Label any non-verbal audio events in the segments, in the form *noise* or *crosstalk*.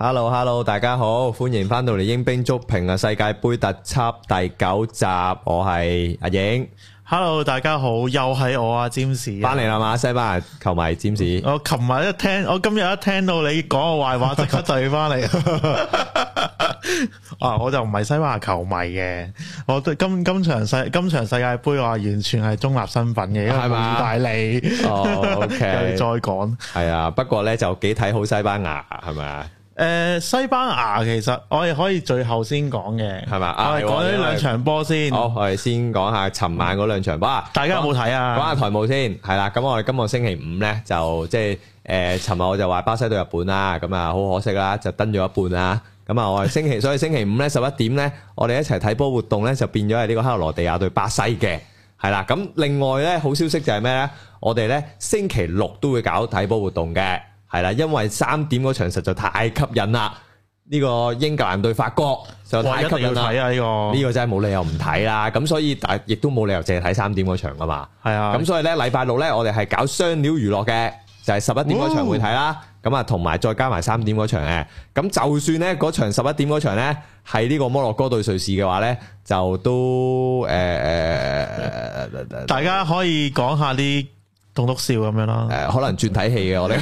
Hello，Hello，hello, 大家好，歡迎翻到嚟《鷹兵足評》啊！世界杯特輯第九集，我係阿鷹。Hello，大家好，又係我阿 James 翻嚟啦，嘛，西班牙球迷 James。我琴日一聽，我今日一聽到你講個壞話，即刻就要翻嚟。 *laughs* *laughs* 啊，我就唔係西班牙球迷嘅，我對今今場世今場世界杯我完全係中立身份嘅，因為意大利。哦、oh,，OK， *laughs* 再講說。係啊，不過咧就幾睇好西班牙，係咪啊？誒，西班牙其實我哋可以最後先講嘅，係咪？我哋講呢兩場波先。好，我哋先講下尋晚嗰兩場波。大家有冇睇啊？講下台務先，係啦。咁我哋今個星期五呢，就即係誒，尋日我就話巴西對日本啦，咁啊好可惜啦，就登咗一半啦。咁啊，我哋星期所以星期五呢十一點呢，我哋一齊睇波活動呢就變咗係呢個克羅地亞對巴西嘅，係啦。咁另外呢好消息就係咩呢？我哋呢星期六都會搞睇波活動嘅。係啦，因為三點嗰場實在太吸引啦，呢個英格蘭對法國就太吸引啦。呢個呢個真係冇理由唔睇啦，咁所以大亦都冇理由淨係睇三點嗰場㗎嘛。係啊，咁所以呢，禮拜六呢，我哋係搞雙料娛樂嘅，就係十一點嗰場會睇啦。咁啊，同埋再加埋三點嗰場嘅。咁就算呢嗰場十一點嗰場呢，係呢個摩洛哥對瑞士嘅話呢，就都誒、呃，大家可以講下啲。棟篤笑咁樣啦，誒、呃、可能轉睇戲嘅我哋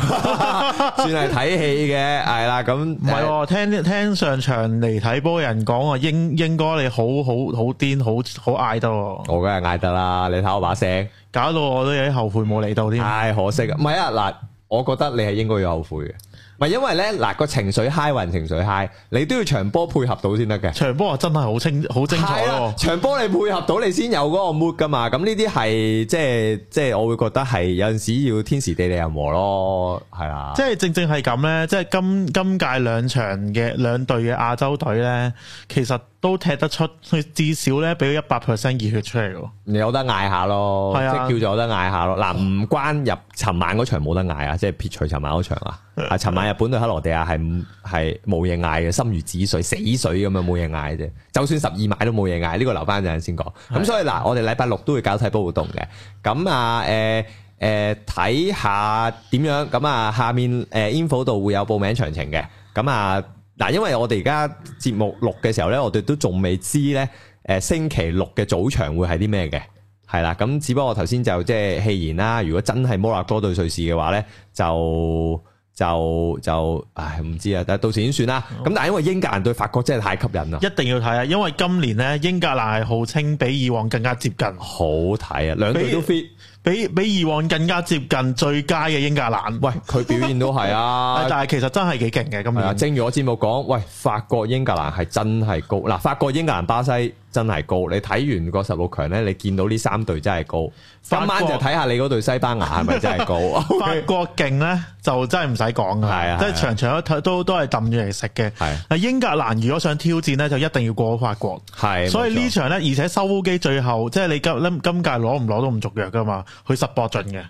算係睇戲嘅，係 *laughs* 啦咁。唔係、 *laughs* 嗯、聽聽上場嚟睇波人講啊，英英哥你好好好癲，好好嗌得我。我梗係嗌得啦，你睇我把聲，搞到我都有啲後悔冇嚟到添。唉，可惜啊，唔係啊嗱，我覺得你係應該要後悔嘅。唔係因為咧，嗱、那個情緒 high，還情緒 high，你都要場波配合到先得嘅。場波啊，真係好清好精彩咯！場波你配合到，你先有嗰個 mood 噶嘛。咁呢啲係即係即係，我會覺得係有陣時要天時地利人和咯，係啦。即係正正係咁咧，即係今今屆兩場嘅兩隊嘅亞洲隊咧，其實，都踢得出去，至少咧俾咗一百 percent 熱血出嚟嘅。你有得嗌下咯，的即叫做有得嗌下咯。嗱、啊，唔關入尋晚嗰場冇得嗌的啊，即係撇除尋晚嗰場啊。啊，尋晚日本對克羅地亞係係冇嘢嗌嘅，心如止水死水咁樣冇嘢嗌啫。就算十二碼都冇嘢嗌，呢、這個留翻陣先講。咁的所以嗱、啊，我哋禮拜六都會搞睇波活動嘅。咁啊，誒、呃、誒，睇下點樣。咁啊，下面誒 info 度會有報名詳情嘅。咁啊。嗱，因為我哋而家節目錄嘅時候呢，我哋都仲未知咧，誒星期六嘅早場會係啲咩嘅，係啦，咁只不過我頭先就即係戲言啦。如果真係摩洛哥對瑞士嘅話呢，就就就，唉，唔知啊，但係到時先算啦。咁但係因為英格蘭對法國真係太吸引啦，一定要睇啊！因為今年呢，英格蘭係號稱比以往更加接近，好睇啊，兩隊都 fit。比比以往更加接近最佳嘅英格蘭。喂，佢表現都係啊， *laughs* 但係其實真係幾勁嘅今日。正如我節目講，喂，法國英格蘭係真係高，嗱，法國英格蘭巴西真係高。你睇完個十六強呢，你見到呢三隊真係高。國今晚就睇下你嗰隊西班牙係咪真係高。法國勁呢，就真係唔使講嘅， *laughs* 即係場場都都都係抌住嚟食嘅。係的英格蘭如果想挑戰呢，就一定要過咗法國。係的，所以呢場呢，錯而且收烏雞最後即係你今今屆攞唔攞都唔續約噶嘛。去十博進嘅，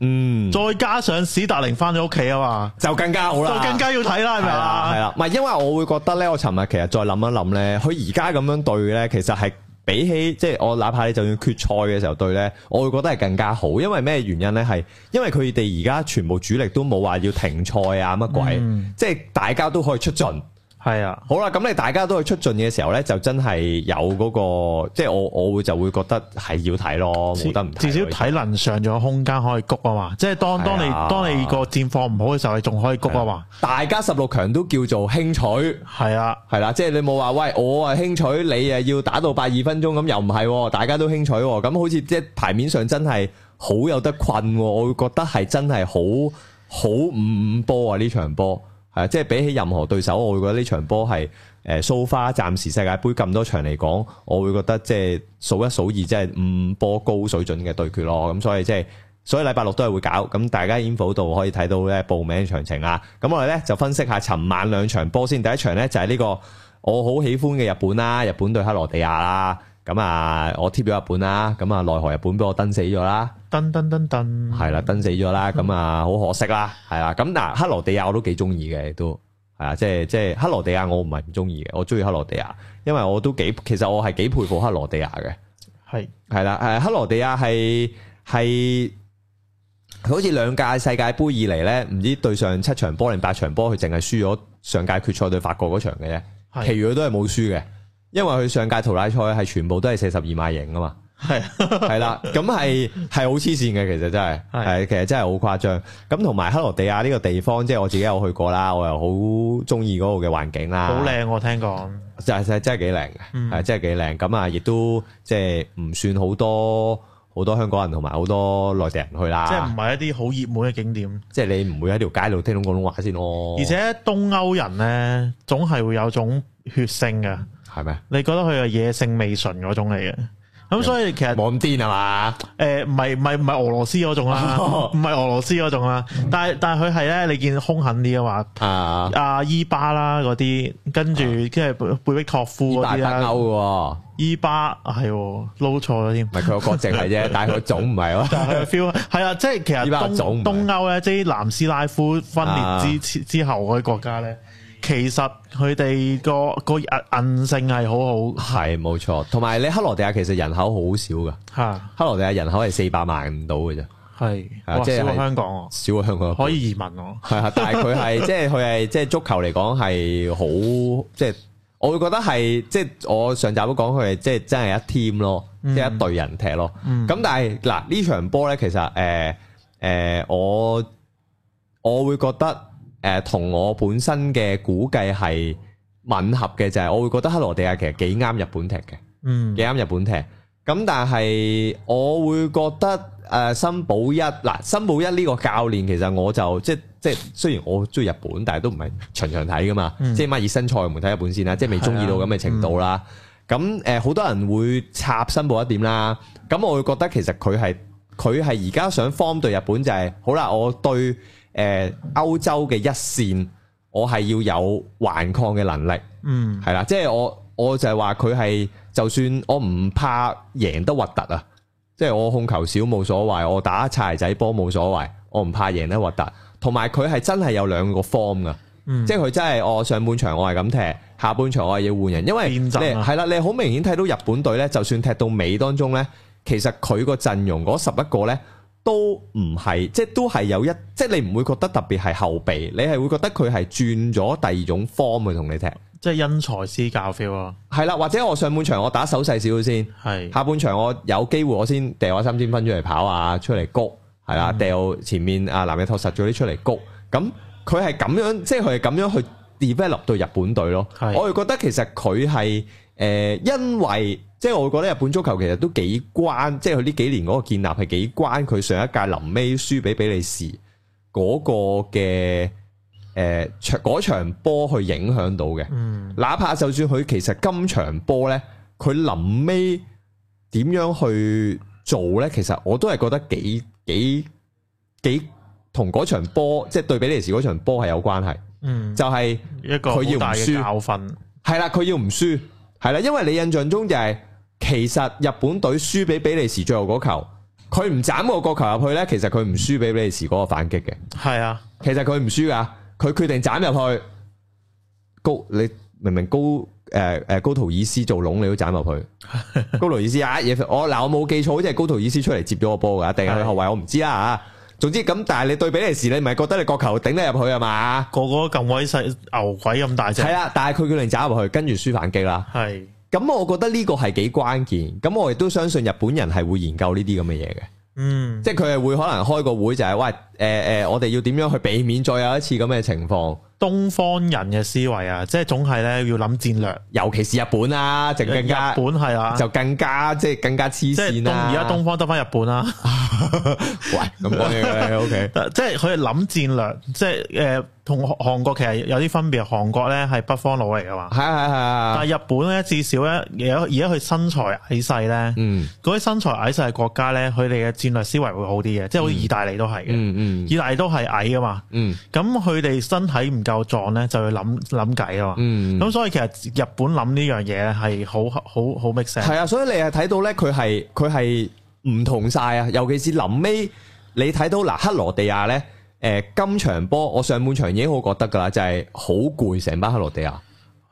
嗯，再加上史達寧翻咗屋企啊嘛，就更加好啦，就更加要睇啦，係咪啊？係啦，唔係因為我會覺得咧，我尋日其實再諗一諗咧，佢而家咁樣對咧，其實係比起即係、就是、我哪怕你就算決賽嘅時候對咧，我會覺得係更加好，因為咩原因咧？係因為佢哋而家全部主力都冇話要停賽啊乜鬼，嗯、即係大家都可以出盡。係啊，好啦，咁你大家都去出盡嘅時候呢，就真係有嗰個，即係我我會就會覺得係要睇咯，冇得唔睇，至少體能上仲有空間可以谷啊嘛，啊即係當當你當你個戰況唔好嘅時候，你仲可以谷啊嘛、啊。大家十六強都叫做輕取，係啦係啦，即係你冇話喂我係輕取，你誒要打到八二分鐘咁又唔係、啊，大家都輕取、啊，咁好似即係牌面上真係好有得困、啊，我會覺得係真係好好五,五五波啊呢場波。誒，即係比起任何對手，我會覺得呢場波係誒蘇花暫時世界盃咁多場嚟講，我會覺得即係數一數二，即係五波高水準嘅對決咯。咁所以即係，所以禮拜六都係會搞。咁大家 inbox 度可以睇到咧報名嘅詳情啦。咁我哋咧就分析下尋晚兩場波先。第一場咧就係呢個我好喜歡嘅日本啦，日本對克羅地亞啦。咁啊，我 tip 咗日本啦，咁啊，奈何日本俾我蹬死咗啦！蹬蹬蹬蹬，係啦，蹬死咗啦，咁啊，好可惜啦，係啦、嗯。咁嗱，克羅地亞我都幾中意嘅，都係啊，即係即係克羅地亞，我唔係唔中意嘅，我中意克羅地亞，因為我都幾，其實我係幾佩服克羅地亞嘅。係係啦，誒，克羅地亞係係，好似兩屆世界杯以嚟咧，唔知對上七場波定八場波，佢淨係輸咗上屆決賽對法國嗰場嘅啫，其餘佢都係冇輸嘅。因為佢上屆淘汰賽係全部都係四十二碼型啊嘛，係係啦，咁係係好黐線嘅，其實真係係 *laughs* 其實真係好誇張。咁同埋克羅地亞呢個地方，即係我自己有去過啦，我又好中意嗰度嘅環境啦，好靚我聽講，就係真係幾靚，係真係幾靚。咁啊，亦、嗯、都即係唔算好多好多香港人同埋好多內地人去啦，即係唔係一啲好熱門嘅景點，即係你唔會喺條街度聽到廣東話先咯。哦、而且東歐人呢，總係會有種血腥嘅。係咩？你覺得佢係野性未純嗰種嚟嘅？咁所以其實冇咁癲係嘛？誒、呃，唔係唔係唔係俄羅斯嗰種啦，唔係、啊、 *laughs* 俄羅斯嗰種啦。但係但係佢係咧，你見凶狠啲啊嘛。啊，伊巴啦嗰啲，跟住即係貝貝托夫嗰啲，伊巴北歐嘅喎，伊巴係撈、哦、錯咗添。唔係佢個國籍係啫， *laughs* 但係佢種唔係咯。但係佢 feel 係啊，即係其實伊巴東東歐咧，即係南斯拉夫分裂之之、啊、之後嗰啲國家咧。其實佢哋個個韌韌性係好好，係冇錯。同埋你克羅地亞其實人口好少噶吓，克羅地亞人口係四百萬唔到嘅啫，係哇，少香港哦，少過香港，可以移民哦。係啊，但係佢係，即係佢係即係足球嚟講係好，即係我會覺得係即係我上集都講佢係即係真係一 team 咯，即係一隊人踢咯。咁但係嗱呢場波咧，其實誒誒我我會覺得。誒同我本身嘅估計係吻合嘅，就係、是、我會覺得克羅地亞其實幾啱日本踢嘅，幾啱、嗯、日本踢。咁但係我會覺得誒森保一嗱，森、啊、保一呢個教練其實我就即即，即雖然我中意日本，但係都唔係場場睇噶嘛，嗯、即係乜熱身賽唔睇日本先啦，即係未中意到咁嘅程度啦。咁誒好多人會插森保一,一點啦，咁我會覺得其實佢係佢係而家想 form 對日本就係、是、好啦，我對。誒歐洲嘅一線，我係要有頑抗嘅能力，嗯，係啦，即係我我就係話佢係，就算我唔怕贏得核突啊，即係我控球少冇所謂，我打柴仔波冇所謂，我唔怕贏得核突。同埋佢係真係有兩個 form 噶，嗯、即係佢真係我、哦、上半場我係咁踢，下半場我係要換人，因為係啦、啊，你好明顯睇到日本隊呢，就算踢到尾當中呢，其實佢個陣容嗰十一個呢。都唔係，即係都係有一，即係你唔會覺得特別係後備，你係會覺得佢係轉咗第二種 form 去同你踢，即係因材施教 feel 啊。係啦，或者我上半場我打手勢少少先，係下半場我有機會我先掉下三千分出嚟跑啊，出嚟谷係啦，掉前面啊南野拓實嗰啲出嚟谷，咁佢係咁樣，即係佢係咁樣去 develop 到日本隊咯。我又覺得其實佢係誒因為。即係我會覺得日本足球其實都幾關，即係佢呢幾年嗰個建立係幾關。佢上一屆臨尾輸俾比利時嗰個嘅誒、呃、場場波去影響到嘅。嗯、哪怕就算佢其實今場波呢，佢臨尾點樣去做呢？其實我都係覺得幾幾幾同嗰場波，即係對比利時嗰場波係有關係。嗯，就係一個好大嘅教訓。係啦，佢要唔輸，係啦，因為你印象中就係。其實日本隊輸俾比利時最後嗰球，佢唔斬個角球入去呢，其實佢唔輸俾比利時嗰個反擊嘅。係是啊，其實佢唔輸噶，佢決定斬入去。高你明明高誒誒、呃、高圖爾斯做龍，你都斬入去。 *laughs* 高圖爾斯啊我嗱我冇記錯，好似係高圖爾斯出嚟接咗個波噶，定係佢後衛我唔知啦吓、啊。總之咁，但係你對比利時，你唔係覺得你角球頂得入去啊嘛？個個咁鬼細，牛鬼咁大隻。係啦、啊，但係佢決定斬入去，跟住輸反擊啦。係。咁我覺得呢個係幾關鍵，咁我亦都相信日本人係會研究呢啲咁嘅嘢嘅，嗯，即係佢係會可能開個會就係、是、話，誒誒、呃呃，我哋要點樣去避免再有一次咁嘅情況？東方人嘅思維啊，即係總係咧要諗戰略，尤其是日本啦、啊，就更加，日本係啊，就更加即係更加黐線啦。而家東方得翻日本啦、啊， *laughs* 喂，咁講嘢 OK，即係佢哋諗戰略，即係誒。呃同韓國其實有啲分別，韓國咧係北方佬嚟嘅嘛，係係係。 *music* 但係日本咧，至少咧而家而家佢身材矮細咧，嗯，嗰啲身材矮細嘅國家咧，佢哋嘅戰略思維會好啲嘅，嗯、即係好似意大利都係嘅，嗯嗯，意大利都係矮嘅嘛，嗯，咁佢哋身體唔夠壯咧，就要諗諗計啊嘛，嗯，咁所以其實日本諗呢樣嘢係好好好 make sense 係啊，所以你係睇到咧，佢係佢係唔同晒啊，尤其是臨尾你睇到嗱、呃、克羅地亞咧。誒、呃，今場波我上半場已經好覺得㗎啦，就係好攰，成班克羅地亞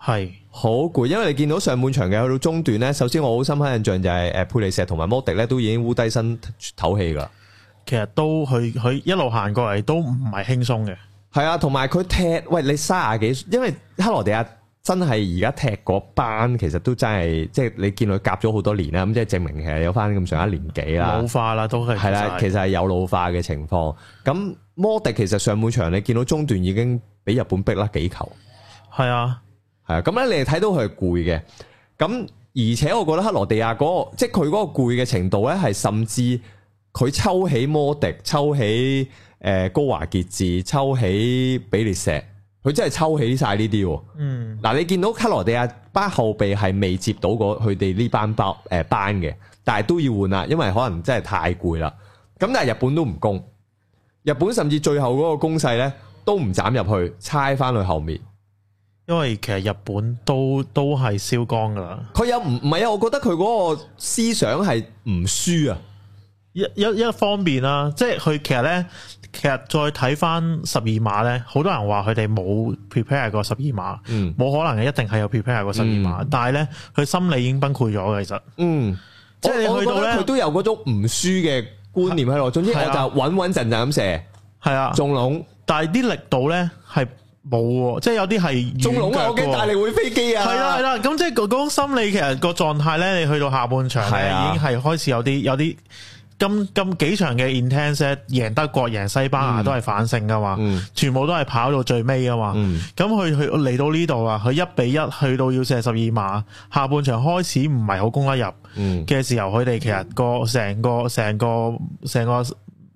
係好攰，因為你見到上半場嘅去到中段呢。首先我好深刻印象就係誒，佩里石同埋摩迪呢，都已經烏低身唞氣㗎，其實都佢佢一路行過嚟都唔係輕鬆嘅，係啊，同埋佢踢，喂你三十幾，因為克羅地亞。真係而家踢嗰班，其實都真係，即係你見佢夾咗好多年啦，咁即係證明其實有翻咁上下年紀啦。老化啦，都係係啦，其實係有老化嘅情況。咁摩迪其實上半場你見到中段已經俾日本逼甩幾球，係啊，係啊。咁咧你係睇到佢攰嘅，咁而且我覺得克羅地亞嗰個，即係佢嗰個攰嘅程度咧，係甚至佢抽起摩迪，抽起誒高華杰志，抽起比利石。佢真係抽起晒呢啲喎。嗱、嗯啊，你見到克羅地亞班後備係未接到過佢哋呢班包誒班嘅、呃，但係都要換啦，因為可能真係太攰啦。咁但係日本都唔攻，日本甚至最後嗰個攻勢呢都唔斬入去，猜翻去後面，因為其實日本都都係燒光噶啦。佢有唔唔係啊？我覺得佢嗰個思想係唔輸啊！一一一方面啦、啊，即係佢其實呢。其實再睇翻十二碼咧，好多人話佢哋冇 prepare 過十二碼，冇、嗯、可能嘅一定係有 prepare 過十二碼。嗯、但係咧，佢心理已經崩潰咗嘅，其實。嗯，即係你去到咧，佢都有嗰種唔輸嘅觀念喺度。啊、總之我就穩穩陣陣咁射，係啊，中籠，但係啲力度咧係冇，即係有啲係中籠啊！我驚大力會飛機啊！係啦係啦，咁即係嗰種心理，其實個狀態咧，你去到下半場咧，已經係開始有啲有啲。咁咁幾場嘅 intense 贏德國，贏西班牙都係反勝噶嘛，嗯、全部都係跑到最尾噶嘛。咁佢佢嚟到呢度啦，佢一比一去到要射十二碼，下半場開始唔係好攻得入嘅時候，佢哋、嗯、其實個成個成個成個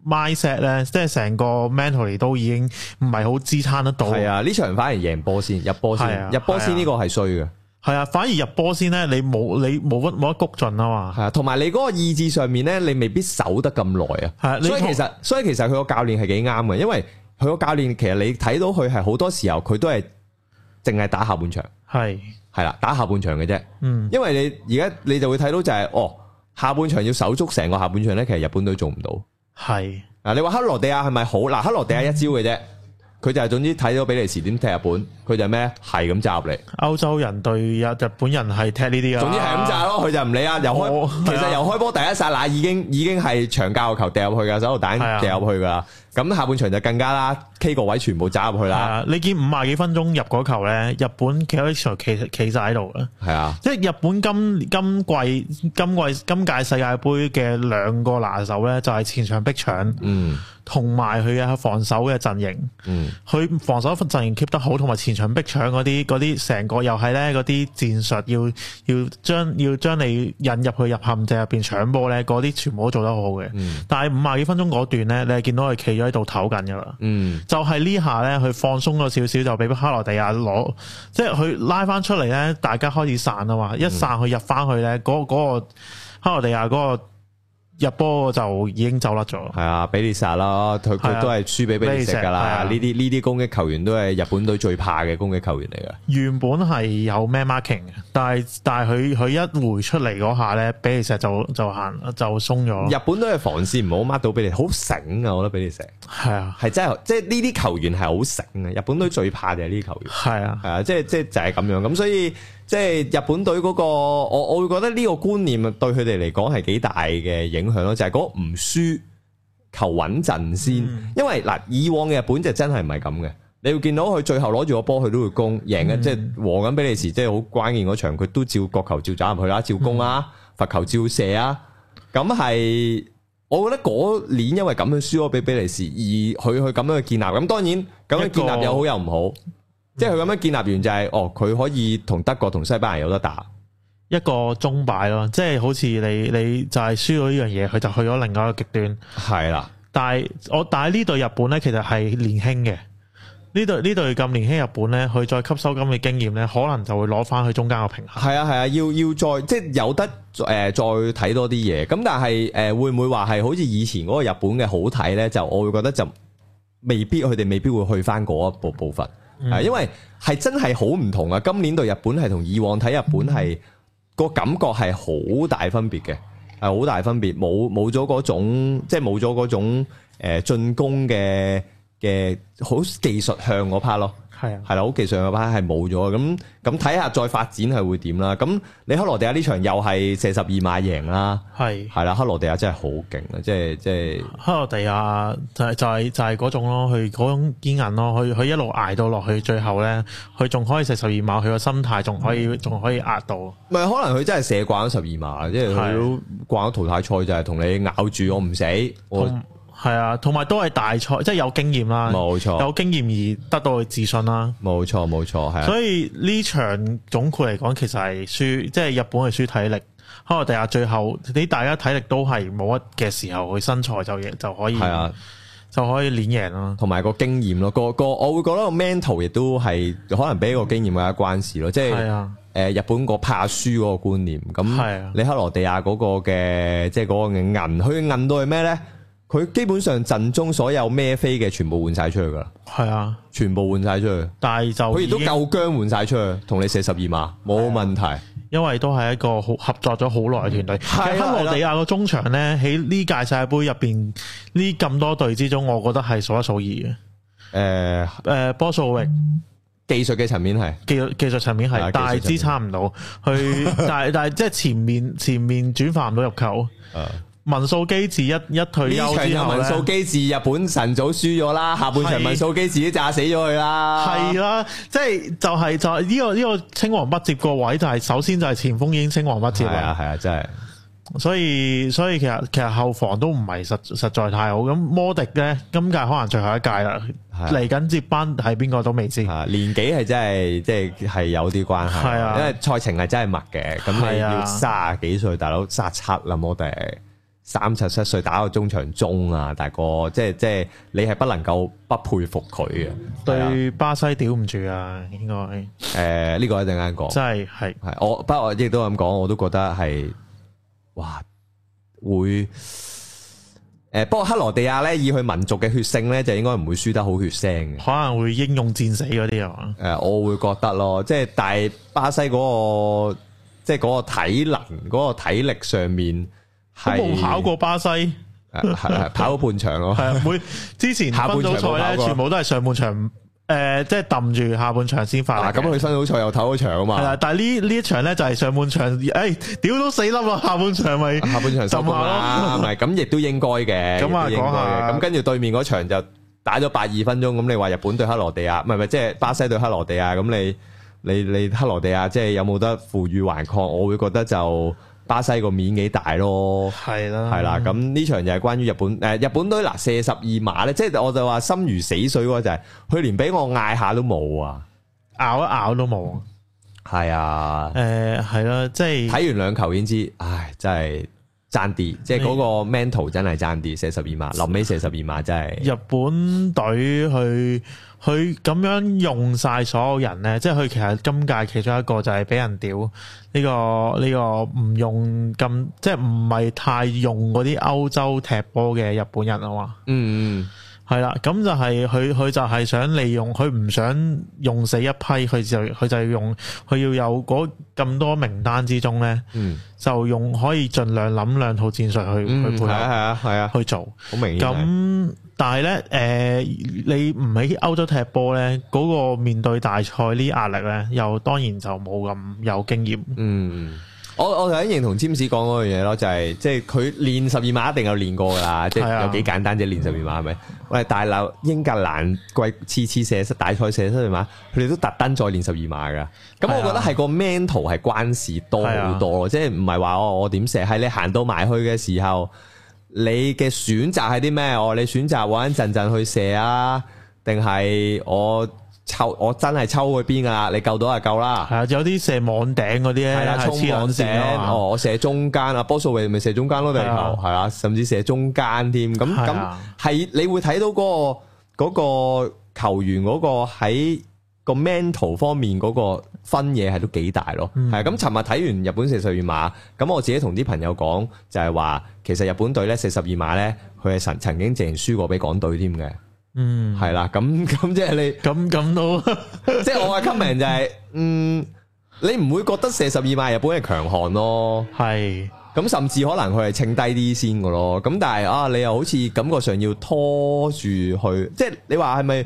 mindset 咧，即係成個 mentality 都已經唔係好支撐得到。係啊，呢場反而贏波先入波先入波先呢、啊、個係衰嘅。係啊，反而入波先咧，你冇你冇乜冇乜谷進啊嘛，係啊，同埋你嗰個意志上面咧，你未必守得咁耐啊。係啊，所以其實所以其實佢個教練係幾啱嘅，因為佢個教練其實你睇到佢係好多時候佢都係淨係打下半場，係係啦，打下半場嘅啫。嗯，因為你而家你就會睇到就係哦，下半場要守足成個下半場咧，其實日本都做唔到。係嗱，你話克羅地亞係咪好？嗱，克羅地亞一招嘅啫。佢就係總之睇咗比利時點踢日本，佢就咩係咁炸入嚟？歐洲人對日日本人係踢呢啲啊，總之係咁炸咯，佢就唔理啊，又開，哦、其實由開波，第一剎那已經、哦、已經係長教球掟入去噶，手榴彈掟入去噶。啊咁下半場就更加啦，K 個位全部揸入去啦。你見五廿幾分鐘入個球呢，日本其他場企企晒喺度嘅。係啊的，即係日本今今季今季今屆世界杯嘅兩個拿手呢，就係前場逼搶，嗯，同埋佢嘅防守嘅陣型，佢、嗯、防守陣型 keep 得好，同埋前場逼搶嗰啲啲成個又係呢嗰啲戰術要要將要將你引入去入陷阱入邊搶波呢，嗰啲全部都做得好嘅。嗯、但係五廿幾分鐘嗰段呢，你係見到佢企咗。喺度唞緊噶啦，嗯，就係呢下咧，佢放鬆咗少少，就俾克羅地亞攞，即係佢拉翻出嚟咧，大家開始散啊嘛，一散佢入翻去咧，嗰嗰個克羅地亞嗰個。入波就已經走甩咗。係啊，比利時啦，佢佢都係輸俾比利時噶啦。呢啲呢啲攻擊球員都係日本隊最怕嘅攻擊球員嚟噶。原本係有咩 marking，但係但係佢佢一回出嚟嗰下咧，比利時就就行就鬆咗。日本都係防線唔好 mark 到比利，好醒啊！我覺得比利時係啊，係真係即係呢啲球員係好醒啊！日本隊最怕就係呢啲球員。係啊係啊，即係即係就係、是、咁樣咁，所以。所以即係日本隊嗰個，我我會覺得呢個觀念對佢哋嚟講係幾大嘅影響咯，就係嗰個唔輸求穩陣先。因為嗱，以往嘅日本就真係唔係咁嘅。你會見到佢最後攞住個波，佢都會攻贏嘅，即係和緊比利時，即係好關鍵嗰場，佢都照國球照走入去啦，照攻啊，罰球照射啊。咁係，我覺得嗰年因為咁樣輸咗俾比利時，而佢去咁樣去建立，咁當然咁樣建立有好有唔好。即係佢咁樣建立完就係、是、哦，佢可以同德國同西班牙有得打一個中敗咯，即係好似你你就係輸咗呢樣嘢，佢就去咗另外一個極端係啦的。但係我但係呢隊日本呢，其實係年輕嘅呢隊呢隊咁年輕日本呢，佢再吸收咁嘅經驗呢，可能就會攞翻去中間個平衡。係啊係啊，要要再即係有得誒再睇、呃、多啲嘢。咁但係誒、呃、會唔會話係好似以前嗰個日本嘅好睇呢？就我會覺得就未必，佢哋未必會去翻嗰一部分。啊，因為係真係好唔同啊！今年到日本係同以往睇日本係個、嗯、感覺係好大分別嘅，係好大分別，冇冇咗嗰種，即係冇咗嗰種誒進攻嘅嘅好技術向嗰 part 咯。係啊，係啦，好奇上一班係冇咗嘅，咁咁睇下再發展係會點啦。咁你克羅地亞呢場又係射十二碼贏啦，係的，係啦，克羅地亞真係好勁啊，即係即係。克羅地亞就係、就係就係嗰種咯，佢嗰種堅韌咯，佢佢一路捱到落去最後咧，佢仲可以射十二碼，佢個心態仲可以仲的可以壓到。咪可能佢真係射慣咗十二碼，即係佢慣咗淘汰賽就係、係、同你咬住我唔死，係啊，同埋都係大賽，即係有經驗啦。冇錯，有經驗而得到佢自信啦。冇錯冇錯，係。啊、所以呢場總括嚟講，其實係輸，即係日本係輸體力。克羅地亞最後，你大家體力都係冇乜嘅時候，佢身材就亦就可以，嗯、就可以碾贏咯。同埋、啊、個經驗咯，個個我會覺得個 mental 亦都係可能俾個經驗有關事咯。即係誒，日本個怕輸嗰個觀念咁，啊。你克羅地亞嗰個嘅即係嗰個硬，佢硬到係咩咧？佢基本上陣中所有孭飛嘅全部換晒出去噶啦，係啊，全部換晒出去。但係就佢亦都夠姜換晒出去，同你射十二碼冇問題，啊，因為都係一個好合作咗好耐嘅團隊。係啊，克羅地，啊、利亞個中場咧，喺呢屆世界盃入邊呢咁多隊之中，我覺得係數一數二嘅。誒誒、呃，波數域技術嘅層面係，啊，技技術層面係，但係支撐唔到去，但係但係即係前面前面轉化唔到入球。 *laughs* 文素基治一一退休之後呢場文素基治日本晨早輸咗啦，下半場文素基治都炸死咗佢啦，係啦，即係就係、是、就係呢、這個呢、這個青黃不接個位，就係首先就係前鋒已經青黃不接啦，係啊，係啊，真係，所以所以其實其實後防都唔係實實在太好，咁摩迪呢，今屆可能最後一屆啦，嚟緊的接，接班係邊個都未知，年紀係真係即係係有啲關係，的因為賽程係真係密嘅，咁的的你要卅幾歲大佬卅七啦，摩迪。三十七,七歲打到中場中啊，大哥！即係即係你係不能夠不佩服佢嘅。啊、對巴西屌唔住啊，應該。誒呢、呃呢個一陣間講。真係係。係我不過我亦都咁講，我都覺得係，哇！會誒、呃、不過克羅地亞咧，以佢民族嘅血性咧，就應該唔會輸得好血腥，可能會英勇戰死嗰啲啊。誒、呃，我會覺得咯，即係但係巴西嗰、嗰個、即係嗰個體能、嗰、嗰個體力上面。冇跑過巴西， *laughs* 跑半場咯。係啊，每之前分組賽咧，全部都係上半場誒，即係撳住下半場先發。咁佢分組賽又唞咗場啊嘛。係啦，但係呢呢一場咧就係上半場，誒、呃，屌、就是啊嗯就是欸、到四粒啊！下半場咪下，下半場氹下咯，唔係咁亦都應該嘅。咁啊， *laughs* 講下咁跟住對面嗰場就打咗八二分鐘。咁你話日本對克羅地亞，唔係咪？即係、就是、巴西對克羅地亞？咁你你你克羅地亞即係、就是、有冇得負隅頑抗？我會覺得就。巴西個面幾大咯？係啦，係啦，咁呢場就係關於日本誒日本隊嗱射十二碼咧，即係我就話心如死水喎，就係佢連俾我嗌下都冇啊，咬一咬都冇。啊。係啊的，誒係咯，即係睇完兩球已經知，唉，真係爭啲，即係嗰個 mental 的真係爭啲，射十二碼，臨尾射十二碼真係。日本隊去。佢咁樣用晒所有人呢，即係佢其實今屆其中一個就係俾人屌呢、呢個呢、呢個唔用咁，即係唔係太用嗰啲歐洲踢波嘅日本人啊嘛。嗯。係啦，咁就係、是、佢，佢就係想利用，佢唔想用死一批，佢就佢就用，佢要有嗰咁多名單之中呢，嗯、就用可以盡量諗兩套戰術去去、嗯、配合，係啊係啊係啊去做好明顯。咁但係呢，誒、呃，你唔喺歐洲踢波呢，嗰、嗰個面對大賽呢壓力呢，又當然就冇咁有，有經驗。嗯我我頭先認同詹士講嗰樣嘢咯，就係即係佢練十二碼一定有練過噶啦，即、就、係、是、有幾簡單啫，練十二碼係咪？喂、啊，大樓英格蘭季次次射失大賽射失係嘛？佢哋都特登再練十二碼噶。咁、啊、我覺得係個 mental 關係關事多好多、啊、即係唔係話我點射，係你行到埋去嘅時候，你嘅選擇係啲咩？我你選擇玩陣陣去射啊，定係我？抽我真係抽去邊噶，你救到就救啦。係啊，有啲射網頂嗰啲咧，衝網頂。射網頂哦，我射中間啊， *laughs* 波數位咪射中間咯，地球係啊的，甚至射中間添。咁咁係你會睇到嗰、嗰個、嗰個球員嗰個喺個 mental 方面嗰個分嘢係都幾大咯。係咁、嗯，尋日睇完日本射十二碼，咁我自己同啲朋友講就係話，其實日本隊咧射十二碼咧，佢係曾曾經淨輸過俾港隊添嘅。嗯，係啦，咁咁即係你咁咁咯，即係我嘅 comment 就係、是， *laughs* 嗯，你唔會覺得射十二碼日本係強項咯？係是，咁甚至可能佢係稱低啲先嘅咯。咁但係啊，你又好似感覺上要拖住佢，即係你話係咪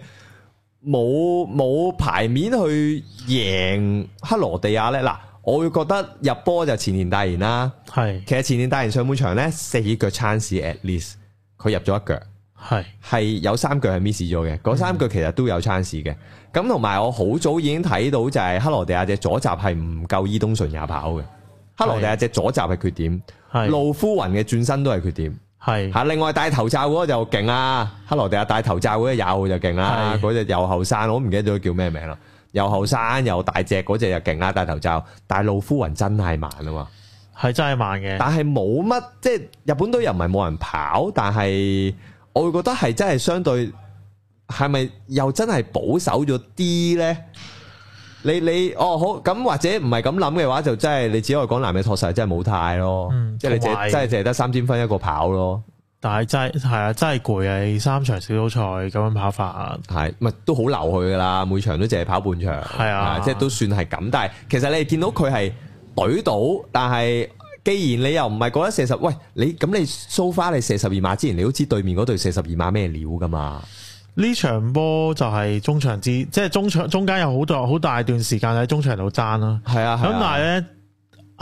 冇冇牌面去贏克羅地亞呢？嗱，我會覺得入波就前田大然啦，係是，其實前田大然上半場呢，四腳 chance at least 佢入咗一腳。係係有三腳係 miss 咗嘅，嗰三腳其實都有嘗試嘅。咁同埋我好早已經睇到就係克羅地亞隻左閘係唔夠伊東純也跑嘅，克羅是地亞隻左閘係缺點。係是路夫云嘅轉身都係缺點。係吓是，另外戴頭罩嗰個就勁啦。克羅是地亞戴頭罩嗰是個廿號就勁啦。嗰隻又後生我，我唔記得咗叫咩名啦。又後生又大隻，嗰隻又勁啦。戴頭罩，但係路夫云真係慢啊嘛，係真係慢嘅。但係冇乜，即係日本隊又唔係冇人跑，但係。我會覺得係真係相對係咪又真係保守咗啲咧？你你哦好咁或者唔係咁諗嘅話，就真係你只可以講男嘅托實，真係冇太咯。即係你淨真係淨係得三千分一個跑咯。但係真係啊，真係攰啊！三場小組賽咁樣跑法，係咪都好流去噶啦？每場都淨係跑半場，係啊，即係都算係咁。但係其實你哋見到佢係懟到，但係。既然你又唔係嗰一射十，喂你咁你掃翻你射十二碼之前，你都知對面嗰對射十二碼咩料噶嘛？呢場波就係中場之，即係中場中間有好多好大段時間喺中場度爭啦。係啊，咁、啊、但係咧。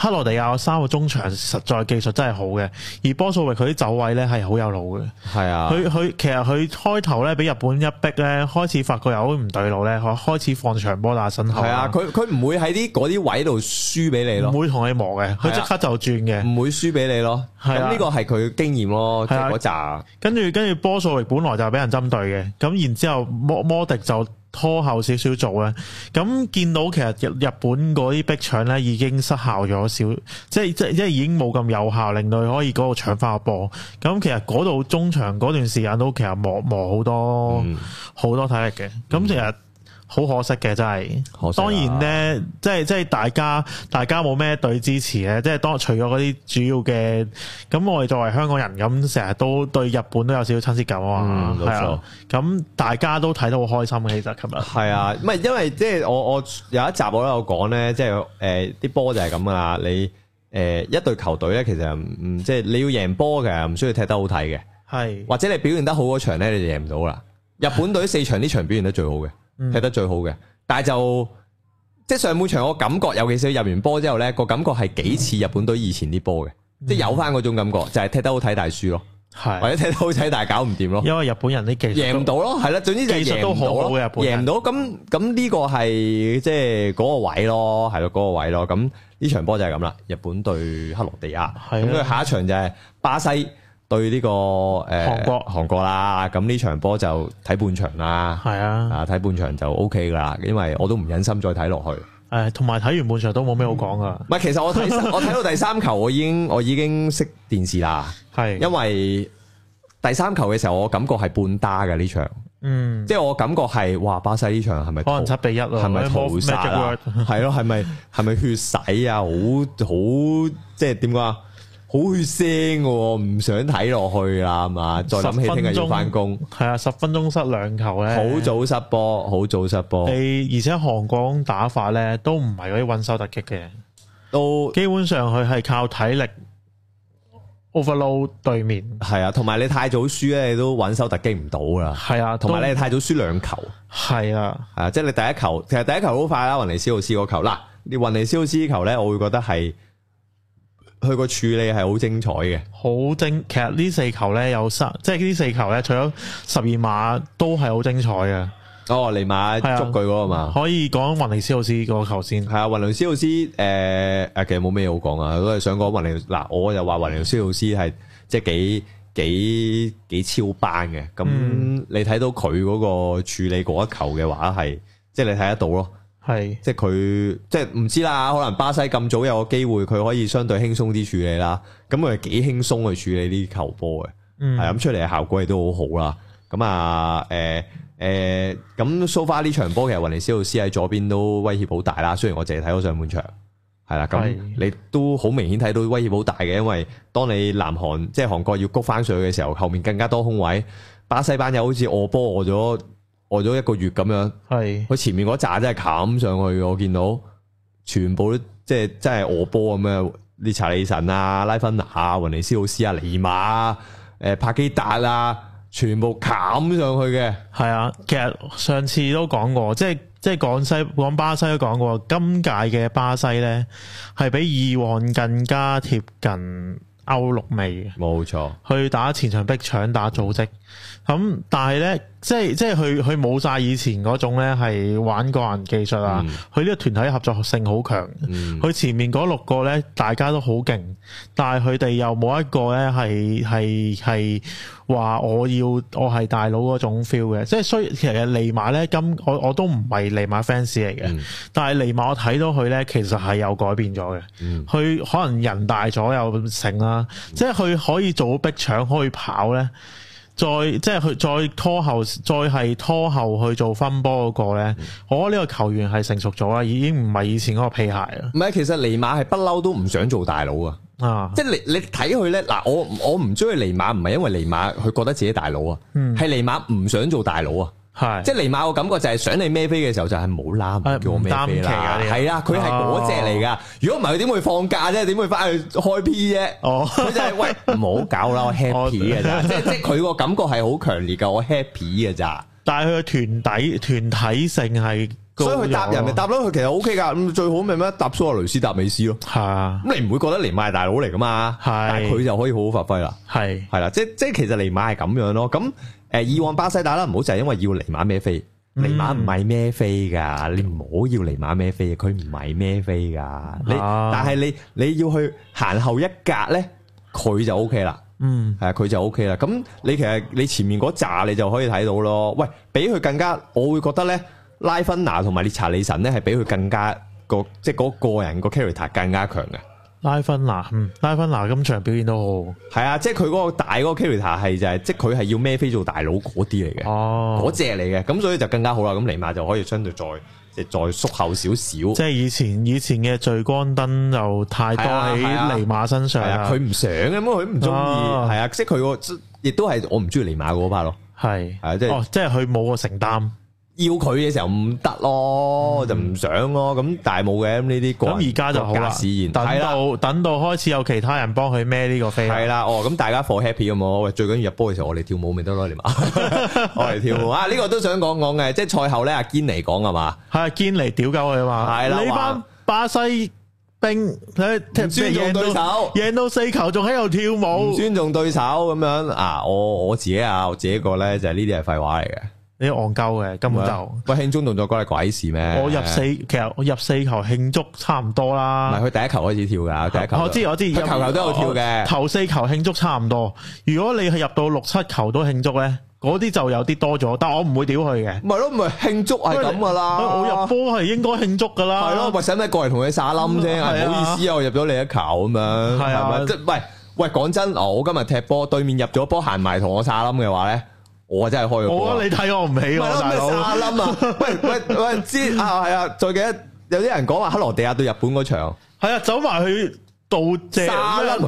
克羅地亞三個中場實在技術真係好嘅，而波素域佢啲走位咧係好有腦嘅。係啊，佢佢其實佢開頭咧俾日本一逼咧，開始發覺有啲唔對路咧，開始放長波打身後。係啊，佢佢唔會喺啲嗰啲位度輸俾你咯，唔會同你磨嘅，佢即、啊、刻就轉嘅，唔會輸俾你咯。係啊，咁呢個係佢經驗咯，扎、啊。跟住跟住波素域本來就俾人針對嘅，咁然之後摩摩迪就，拖後少少做咧，咁見到其實日日本嗰啲逼搶咧已經失效咗少，即係即係即係已經冇咁有，有效，令到佢可以嗰度搶翻個波。咁其實嗰度中場嗰段時間都其實磨磨好多好、嗯、多體力嘅。咁其實。嗯好可惜嘅真係，可惜啊，當然咧，即係即係大家大家冇咩隊支持咧，即係當除咗嗰啲主要嘅，咁我哋作為香港人咁，成日都對日本都有少少親切感，嗯、啊，係咯、冇錯，咁大家都睇得好開心嘅。其實琴日係啊，唔係因為即係我我有一集我有講咧，即係誒啲波就係咁啊，你誒、呃、一隊球隊咧，其實唔即係你要贏波嘅，唔需要踢得好睇嘅，係，或者你表現得好嗰場咧，你就贏唔到啦。日本隊四場呢場表現得最好嘅。 *laughs* 踢得最好嘅，但係就即係上半場我感覺，尤其是入完波之後呢，個感覺係幾似日本隊以前啲波嘅，嗯、即係有返嗰種感覺，就係、是、踢得好睇大輸咯，的或者踢得好睇大搞唔掂咯。因為日本人啲技術都贏唔到咯，係啦，總之就係贏唔到咯。贏唔到，咁咁呢個係即係嗰個位咯，係咯嗰個位咯。咁呢場波就係咁啦，日本對克羅地亞。咁佢的下一場就係巴西。對呢、這個誒，韓、呃、國韓國啦，咁呢場波就睇半場啦，係啊，啊睇半場就 O K 噶啦，因為我都唔忍心再睇落去。誒、哎，同埋睇完半場都冇咩好講噶。唔係、嗯，其實我睇我睇到第三球我，我已經我已經熄電視啦。係 *laughs* 是，因為第三球嘅時候我，嗯、我感覺係半打嘅呢場。嗯，即係我感覺係哇，巴西呢場係咪可能七比一咯、啊？係咪屠殺？係咯、 *laughs* 啊，係咪係咪血洗啊？好好，好，好，即係點講啊？好血腥嘅，唔想睇落去啦嘛！再諗起聽日要翻工。係啊，十分鐘失兩球咧，好早失波，好早失波。你而且韓國打法咧，都唔係嗰啲穩守突擊嘅，都基本上佢係靠體力 overload 對面。係啊，同埋你太早輸咧，你都穩守突擊唔到噶。係啊，同埋你太早輸兩球。係啊，係啊，即係你第一球，其實第一球好快啦，雲尼斯奧斯個球。嗱，你雲尼斯奧斯球咧，我會覺得係。佢個處理係好精彩嘅，好精。其實呢四球咧有三，即係呢四球咧，除咗十二碼都係好精彩嘅。哦，尼馬捉佢嗰個嘛，可以講雲尼斯老師嗰球先。係啊，雲尼斯老師誒、誒，其實冇咩好講啊。佢係想講雲尼，嗱，我又話雲尼斯老師係即係幾幾幾超班嘅。咁你睇到佢嗰個處理嗰一球嘅話，係即係你睇得到咯。係，即係佢，即係唔知啦。可能巴西咁早有個機會，佢可以相對輕鬆啲處理啦。咁佢係幾輕鬆去處理呢球波嘅，嗯，係咁出嚟嘅效果亦都好好啦。咁啊，誒誒，咁 so far 呢場波其實雲尼斯奧斯喺左邊都威脅好大啦。雖然我淨係睇到上半場，係啦，咁你都好明顯睇到威脅好大嘅，因為當你南韓即係韓國要谷翻上去嘅時候，後面更加多空位。巴西班又好似餓波餓咗。呆咗一個月咁樣，係佢的前面嗰紮真係冚上去，我見到全部都即係即係臥波咁樣，列查理神啊、拉芬娜啊、雲尼斯奧斯啊、尼馬啊、誒、帕基達啊，全部冚上去嘅。係啊，其實上次都講過，即係即係講西講巴西都講過，今屆嘅巴西呢，係比以往更加貼近歐陸味嘅。冇錯，錯去打前場逼搶打組織，咁但係呢。即係即係佢佢冇晒以前嗰種咧係玩個人技術啊，佢呢、嗯、個團體合作性好強。佢、嗯、前面嗰六個咧，大家都好勁，但係佢哋又冇一個咧係係係話我要我係大佬嗰種 feel 嘅。即係雖然其實阿尼馬咧，今我我都唔係尼馬 fans 嚟嘅。嗯、但係尼馬我睇到佢咧，其實係有改變咗嘅。佢、嗯、可能人大咗又成啦，啊嗯、即係佢可以做逼搶，可以跑咧。再即係去再拖後，再係拖後去做分波嗰個呢，我覺得呢個球員係成熟咗啦，已經唔係以前嗰個屁孩啦。唔係，其實尼馬係不嬲都唔想做大佬啊。啊，即係你睇佢呢，嗱，我我唔中意尼馬，唔係因為尼馬佢覺得自己大佬啊，係、嗯、尼馬唔想做大佬啊。是即係尼馬個感覺就係想你孭飛嘅時候就係冇拉，唔叫我孭飛啦。係啊，佢係嗰隻嚟噶。如是、啊、果唔係佢點會放假啫？點會翻去開 P 啫？佢、哦、 *laughs* 就係、是、喂，唔好搞啦，我 happy 嘅咋、哦。 *laughs* 即係佢個感覺係好強烈噶，我 happy 嘅咋。但係佢個團體團體性係，所以佢搭人咪搭咯。佢其實 OK 噶，最好咪咩搭蘇亞雷斯搭美斯咯。係啊，咁你唔會覺得尼馬係大佬嚟噶嘛？但係佢是就可以好好發揮啦。係係啦，即即係其實尼馬係咁樣咯。咁誒，以往巴西打啦，唔好就係因為要尼馬咩飛，嗯、尼馬唔係咩飛噶，你唔好要，要尼馬咩飛，佢唔係咩飛噶。啊、你但係你你要去行後一格咧，佢就 O K 啦，嗯係啊，佢就 O K 啦。咁你其實你前面嗰扎你就可以睇到咯。喂，比佢更加，我會覺得咧，拉芬娜同埋列查里神咧係比佢更加即個即係嗰個人個 character 更加強嘅。拉芬娜，嗯、拉芬娜今場表現都好，係啊，即係佢嗰個大嗰個 character 係就係、是，即係佢係要孭飛做大佬嗰啲嚟嘅，哦，嗰隻嚟嘅，咁所以就更加好啦，咁尼馬就可以相對再即係再縮後少少，即係以前以前嘅聚光燈又太多喺尼馬身上，佢唔想啊，咁佢唔中意，係啊、哦、啊，即係佢、個亦都係我唔中意尼馬嗰 part 咯，係係即係，即係佢冇個承擔。要佢嘅時候唔得咯，就唔想咯。咁大冇嘅呢啲，咁而家就好啦。等到等到開始有其他人幫佢孭呢個飛，係啦。哦，咁大家火 happy 咁，我最緊要入波嘅時候，我哋跳舞咪得咯，你嘛，我哋跳舞啊。呢個都想講講嘅，即係賽後咧，阿堅尼講，係嘛，係阿堅尼屌鳩佢啊嘛，你班巴西兵佢唔尊重對手，贏到四球仲喺度跳舞，尊重對手咁樣啊？我我自己啊，我自己個咧就呢啲係廢話嚟嘅。你戇鳩嘅，根本就，喂，慶祝動作關係鬼事咩？我入四，其實我入四球慶祝差唔多啦。唔係佢第一球開始跳㗎，第一球。我知我知，佢球球都有跳嘅。頭四球慶祝差唔多。如果你係入到六七球都慶祝咧，嗰啲就有啲多咗。但係我唔會屌佢嘅。唔係咯，唔係慶祝係咁嘅啦。我入波係應該慶祝嘅啦。係咯，喂，使咩過嚟同你耍冧先，唔好意思啊，我入咗你一球咁樣。係啊，即係唔係？喂，講真，我今日踢波，對面入咗波行埋同我耍冧嘅話咧。我真係開，我你睇我唔起咯沙冧啊。我啊、喂 *laughs* 喂喂，知啊係啊，再記得有啲人講話克羅地亞對日本嗰場，係啊走埋去道謝。斬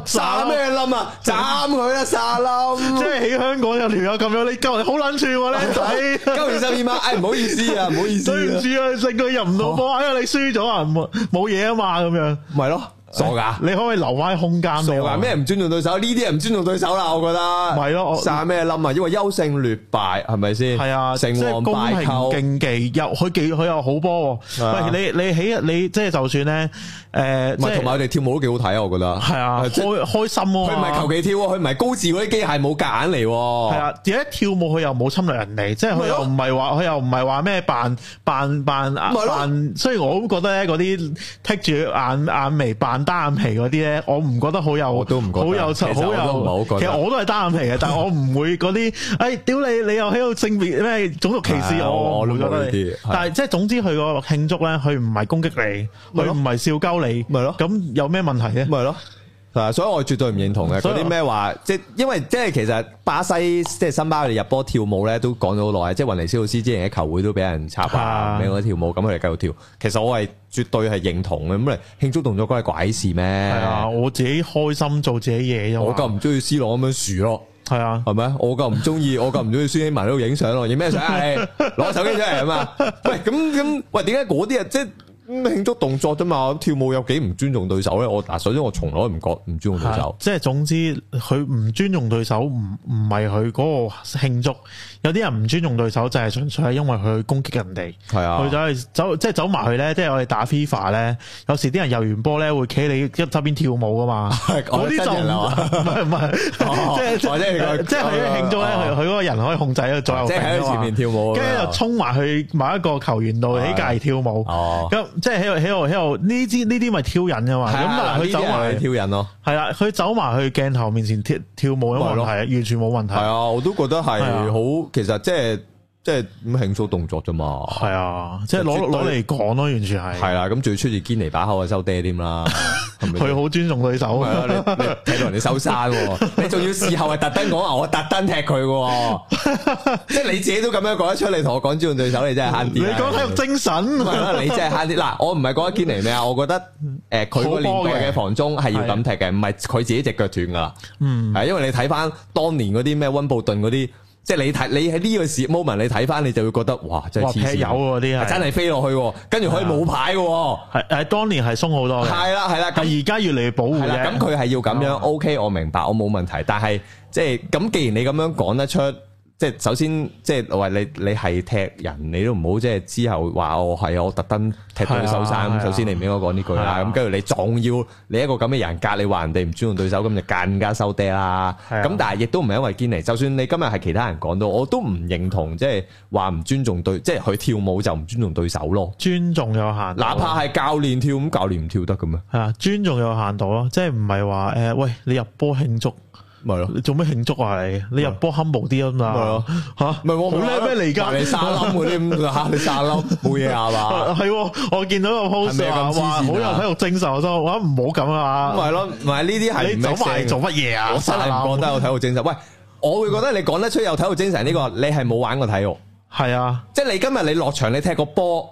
斬咩冧啊？斬佢啊！沙冧，即係喺香港有條友咁樣，你夠好捻串喎？你弟，交完十點八，哎，唔好意思啊，唔好意思，對唔住啊，令佢入唔到波，哎呀、喔，你輸咗啊，冇冇嘢啊嘛，咁樣，咪咯。傻噶，你可以留翻空間。傻噶，咩唔尊重對手？呢啲人唔尊重對手啦，我覺得。係咯，爭咩冧啊？因為優勝劣敗係咪先？係啊，成王敗寇。競技又佢幾佢又好波。喂，你你起你即係就算咧，誒，同埋佢哋跳舞都幾好睇啊！我覺得係啊，開開心啊。佢唔係求其跳，佢唔係高智嗰啲機械冇夾硬嚟。係啊，而且跳舞佢又冇侵略人哋，即係佢又唔係話佢又唔係話咩扮扮扮扮，所以我都覺得咧嗰啲剔住眼眼眉扮。單眼皮嗰啲咧，我唔覺得好有，我都唔覺得好有錯，好有。其實我都係單眼皮嘅。 *laughs* 但係我唔會嗰啲，哎，屌你，你又喺度性別咩種族歧視，啊、 *laughs* 我覺得，唔好講呢啲。但係即係總之佢個慶祝咧，佢唔係攻擊你，佢唔係笑鳩你，咪咯的。咁有咩問題咧？咪咯。係所以我絕對唔認同嘅嗰啲咩話，即係因為即係其實巴西即係森巴佢哋入波跳舞咧，都講咗好耐。即係雲尼斯老師之前喺球會都俾人插啊，俾我跳舞，咁佢哋繼續跳。其實我係絕對係認同嘅，咁你慶祝動作關佢鬼事咩？係啊，我自己開心做自己嘢啫、啊。我夠唔中意 C 朗咁樣樹咯，係啊，係咪我夠唔中意，我夠唔中意。孫興文喺度影相咯，影咩相？你攞手機出嚟啊嘛。喂，咁咁，喂，點解嗰啲人即係？慶祝動作啫嘛，跳舞有幾唔尊重對手咧？我嗱，啊、首先我從來唔覺唔尊,尊重對手。即係總之，佢唔尊重對手，唔唔係佢嗰個慶祝。有啲人唔尊重對手，就係純粹係因為佢攻擊人哋。係啊的，佢走去走，即係走埋去咧，即係我哋打 FIFA 咧，有時啲人游完波咧會企你側邊跳舞噶嘛。嗰啲、 *laughs* 哦、就唔係唔係，即係即係佢慶祝咧，佢嗰、哦、個人可以控制個左右。即喺前面跳舞，跟住就衝埋去某一個球員度起隔嚟跳舞。的對哦，咁。即係喺度喺度喺度呢啲呢啲咪挑人㗎嘛，咁佢的走埋去挑人咯，係啦，佢走埋去鏡頭面前跳跳舞冇問題，的完全冇問題。係啊，我都覺得係好，的其實即係。即係咁慶祝動作啫嘛，係啊，即係攞攞嚟講咯，完全係係啊，咁最出住堅尼把口去收爹添啦，佢好 *laughs* 尊重對手，係啊，睇到人哋收山，你仲要事後係特登講話我特登踢佢，即 *laughs* 係 *laughs* *laughs* 你自己都咁樣講得出嚟，同我講尊重對手，你真係慳啲，是是你講體育精神，唔係啦，你真係慳啲嗱，我唔係講阿堅尼咩啊，我覺得誒，佢個年代嘅防中係要咁踢嘅，唔係佢自己隻腳斷噶，嗯，係因為你睇翻當年嗰啲咩溫布頓嗰啲。即係你睇，你喺呢個時 moment，你睇翻，你就會覺得哇，真係黐線，有嗰啲啊，真係飛落去，的跟住可以冇牌嘅，係誒，當年係鬆好多嘅，係啦係啦，咁而家越嚟越保護，咁佢係要咁樣，嗯，OK，我明白，我冇問題，但係即係咁，既然你咁樣講得出。即係首先，即係話你你係踢人，你都唔好即係之後話我係我特登踢到你收生。首先你唔應該講呢句啦。咁跟住你仲要你一個咁嘅人格，你話人哋唔尊重對手，咁就更加收爹啦。咁但係亦都唔係因為堅尼。就算你今日係其他人講到，我都唔認同，即係話唔尊重對，即係佢跳舞就唔尊重對手咯。尊重有限，哪怕係教練跳，咁教練唔跳得嘅咩？係啊，尊重有限度咯，即係唔係話誒，喂，你入波慶祝。咪咯，你做咩慶祝啊？你你入波 humble 啲啊嘛，吓咪我好咩咩，而家你沙林嗰啲咁噶吓，你沙林冇嘢啊嘛，係我見到個 post 話好有體育精神，我心話唔好咁啊，咪咯，咪呢啲係你走埋做乜嘢啊？我真係唔覺得有體育精神。喂，我會覺得你講得出有體育精神呢個，你係冇玩過體育，係啊，即係你今日你落場你踢個波，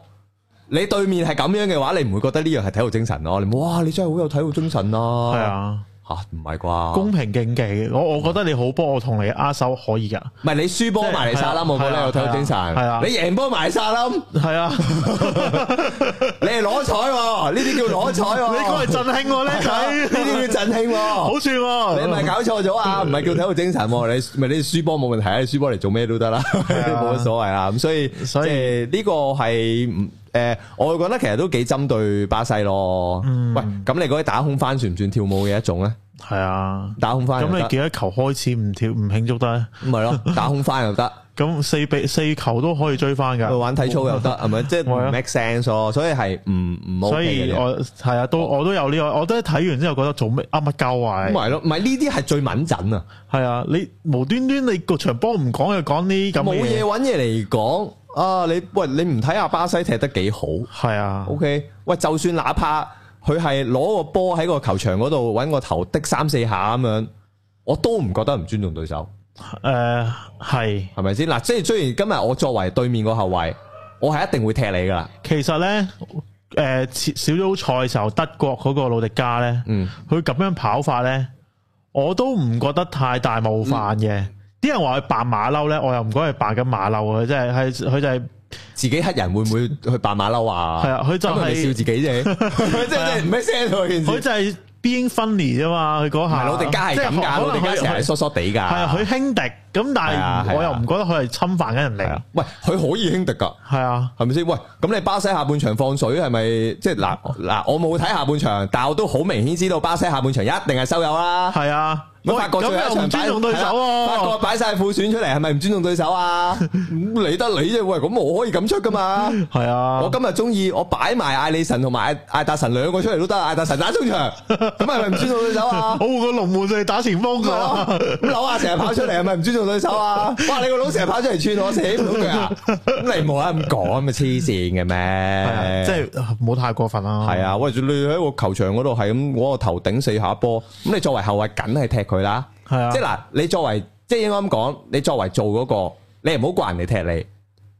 你對面係咁樣嘅話，你唔會覺得呢樣係體育精神咯？你哇，你真係好有體育精神啊！係啊。啊，唔係啩？公平競技，我我覺得你好波，我同你握手可以噶。唔係你輸波埋嚟沙撈，冇問題，你有體育精神。係啊，你贏波埋嚟沙撈，係啊，你係攞彩，呢啲叫攞彩。你講係贈慶咧，呢啲叫贈慶，好串。你唔係搞錯咗啊？唔係叫體育精神，你唔係你輸波冇問題啊？輸波嚟做咩都得啦，冇乜所謂啊。咁所以，所以即係呢個係誒、呃，我會覺得其實都幾針對巴西咯。嗯、喂，咁你嗰啲打空翻算唔算跳舞嘅一種咧？係啊，打空翻。咁你幾多球開始唔跳唔慶祝得？唔係咯，打空翻又得。咁四四球都可以追翻噶。玩體操又得，係咪？即係 make sense 所以係唔唔，okay、所以我係啊，都我都有呢、這個。我都睇完之後覺得做咩啱咪啊？教壞。咁咪咯，咪呢啲係最敏感啊。係啊，你無端端你個場波唔講又講呢咁嘅冇嘢搵嘢嚟講。啊！你喂，你唔睇下巴西踢得幾好？係啊，OK。喂，就算哪怕佢係攞個波喺個球場嗰度搵個頭的三四下咁樣，我都唔覺得唔尊重對手。誒、呃，係係咪先？嗱，即係雖然今日我作為對面個後衛，我係一定會踢你噶啦。其實呢，誒、呃，小組賽時候，德國嗰個魯迪加呢，嗯，佢咁樣跑法呢，我都唔覺得太大冒犯嘅。嗯啲人話佢扮馬騮咧，我又唔覺得佢扮緊馬騮啊！真係，係佢就係、是、自己黑人會唔會去扮馬騮啊？係啊呵，佢真係笑自己啫，即係唔咩聲咯件事。佢就係 being funny 啫嘛。佢嗰下，我哋家係咁噶，我哋家成日疏疏地噶。係啊，佢輕敵咁，但係我又唔覺得佢係侵犯緊人嚟。啊。喂，佢可以輕敵噶，係啊，係咪先？喂，咁你巴西下半場放水係咪？即係嗱嗱，我冇睇下半場，但係我都好明顯知道巴西下半場一定係收油啦。係啊。 *laughs* 我咁係唔尊重對手喎，擺晒副選出嚟係咪唔尊重對手啊？咁理得你啫，喂！咁我可以咁出噶嘛？係啊，我今日中意我擺埋艾利臣同埋艾達臣兩個出嚟都得，艾達臣打中場，咁係咪唔尊重對手啊？我換個龍門嚟打前鋒噶，咁老啊成日跑出嚟，係咪唔尊重對手啊？哇！你個佬成日跑出嚟串我，死唔到腳啊！咁你冇得咁講，咁咪黐線嘅咩？即係唔好太過分啊！係啊，喂！你喺個球場嗰度係咁，我個頭頂四下波，咁你作為後衛，梗係踢。佢啦，係啊、即係嗱，你作為即係啱啱講，你作為做嗰個，你唔好怪人哋踢你，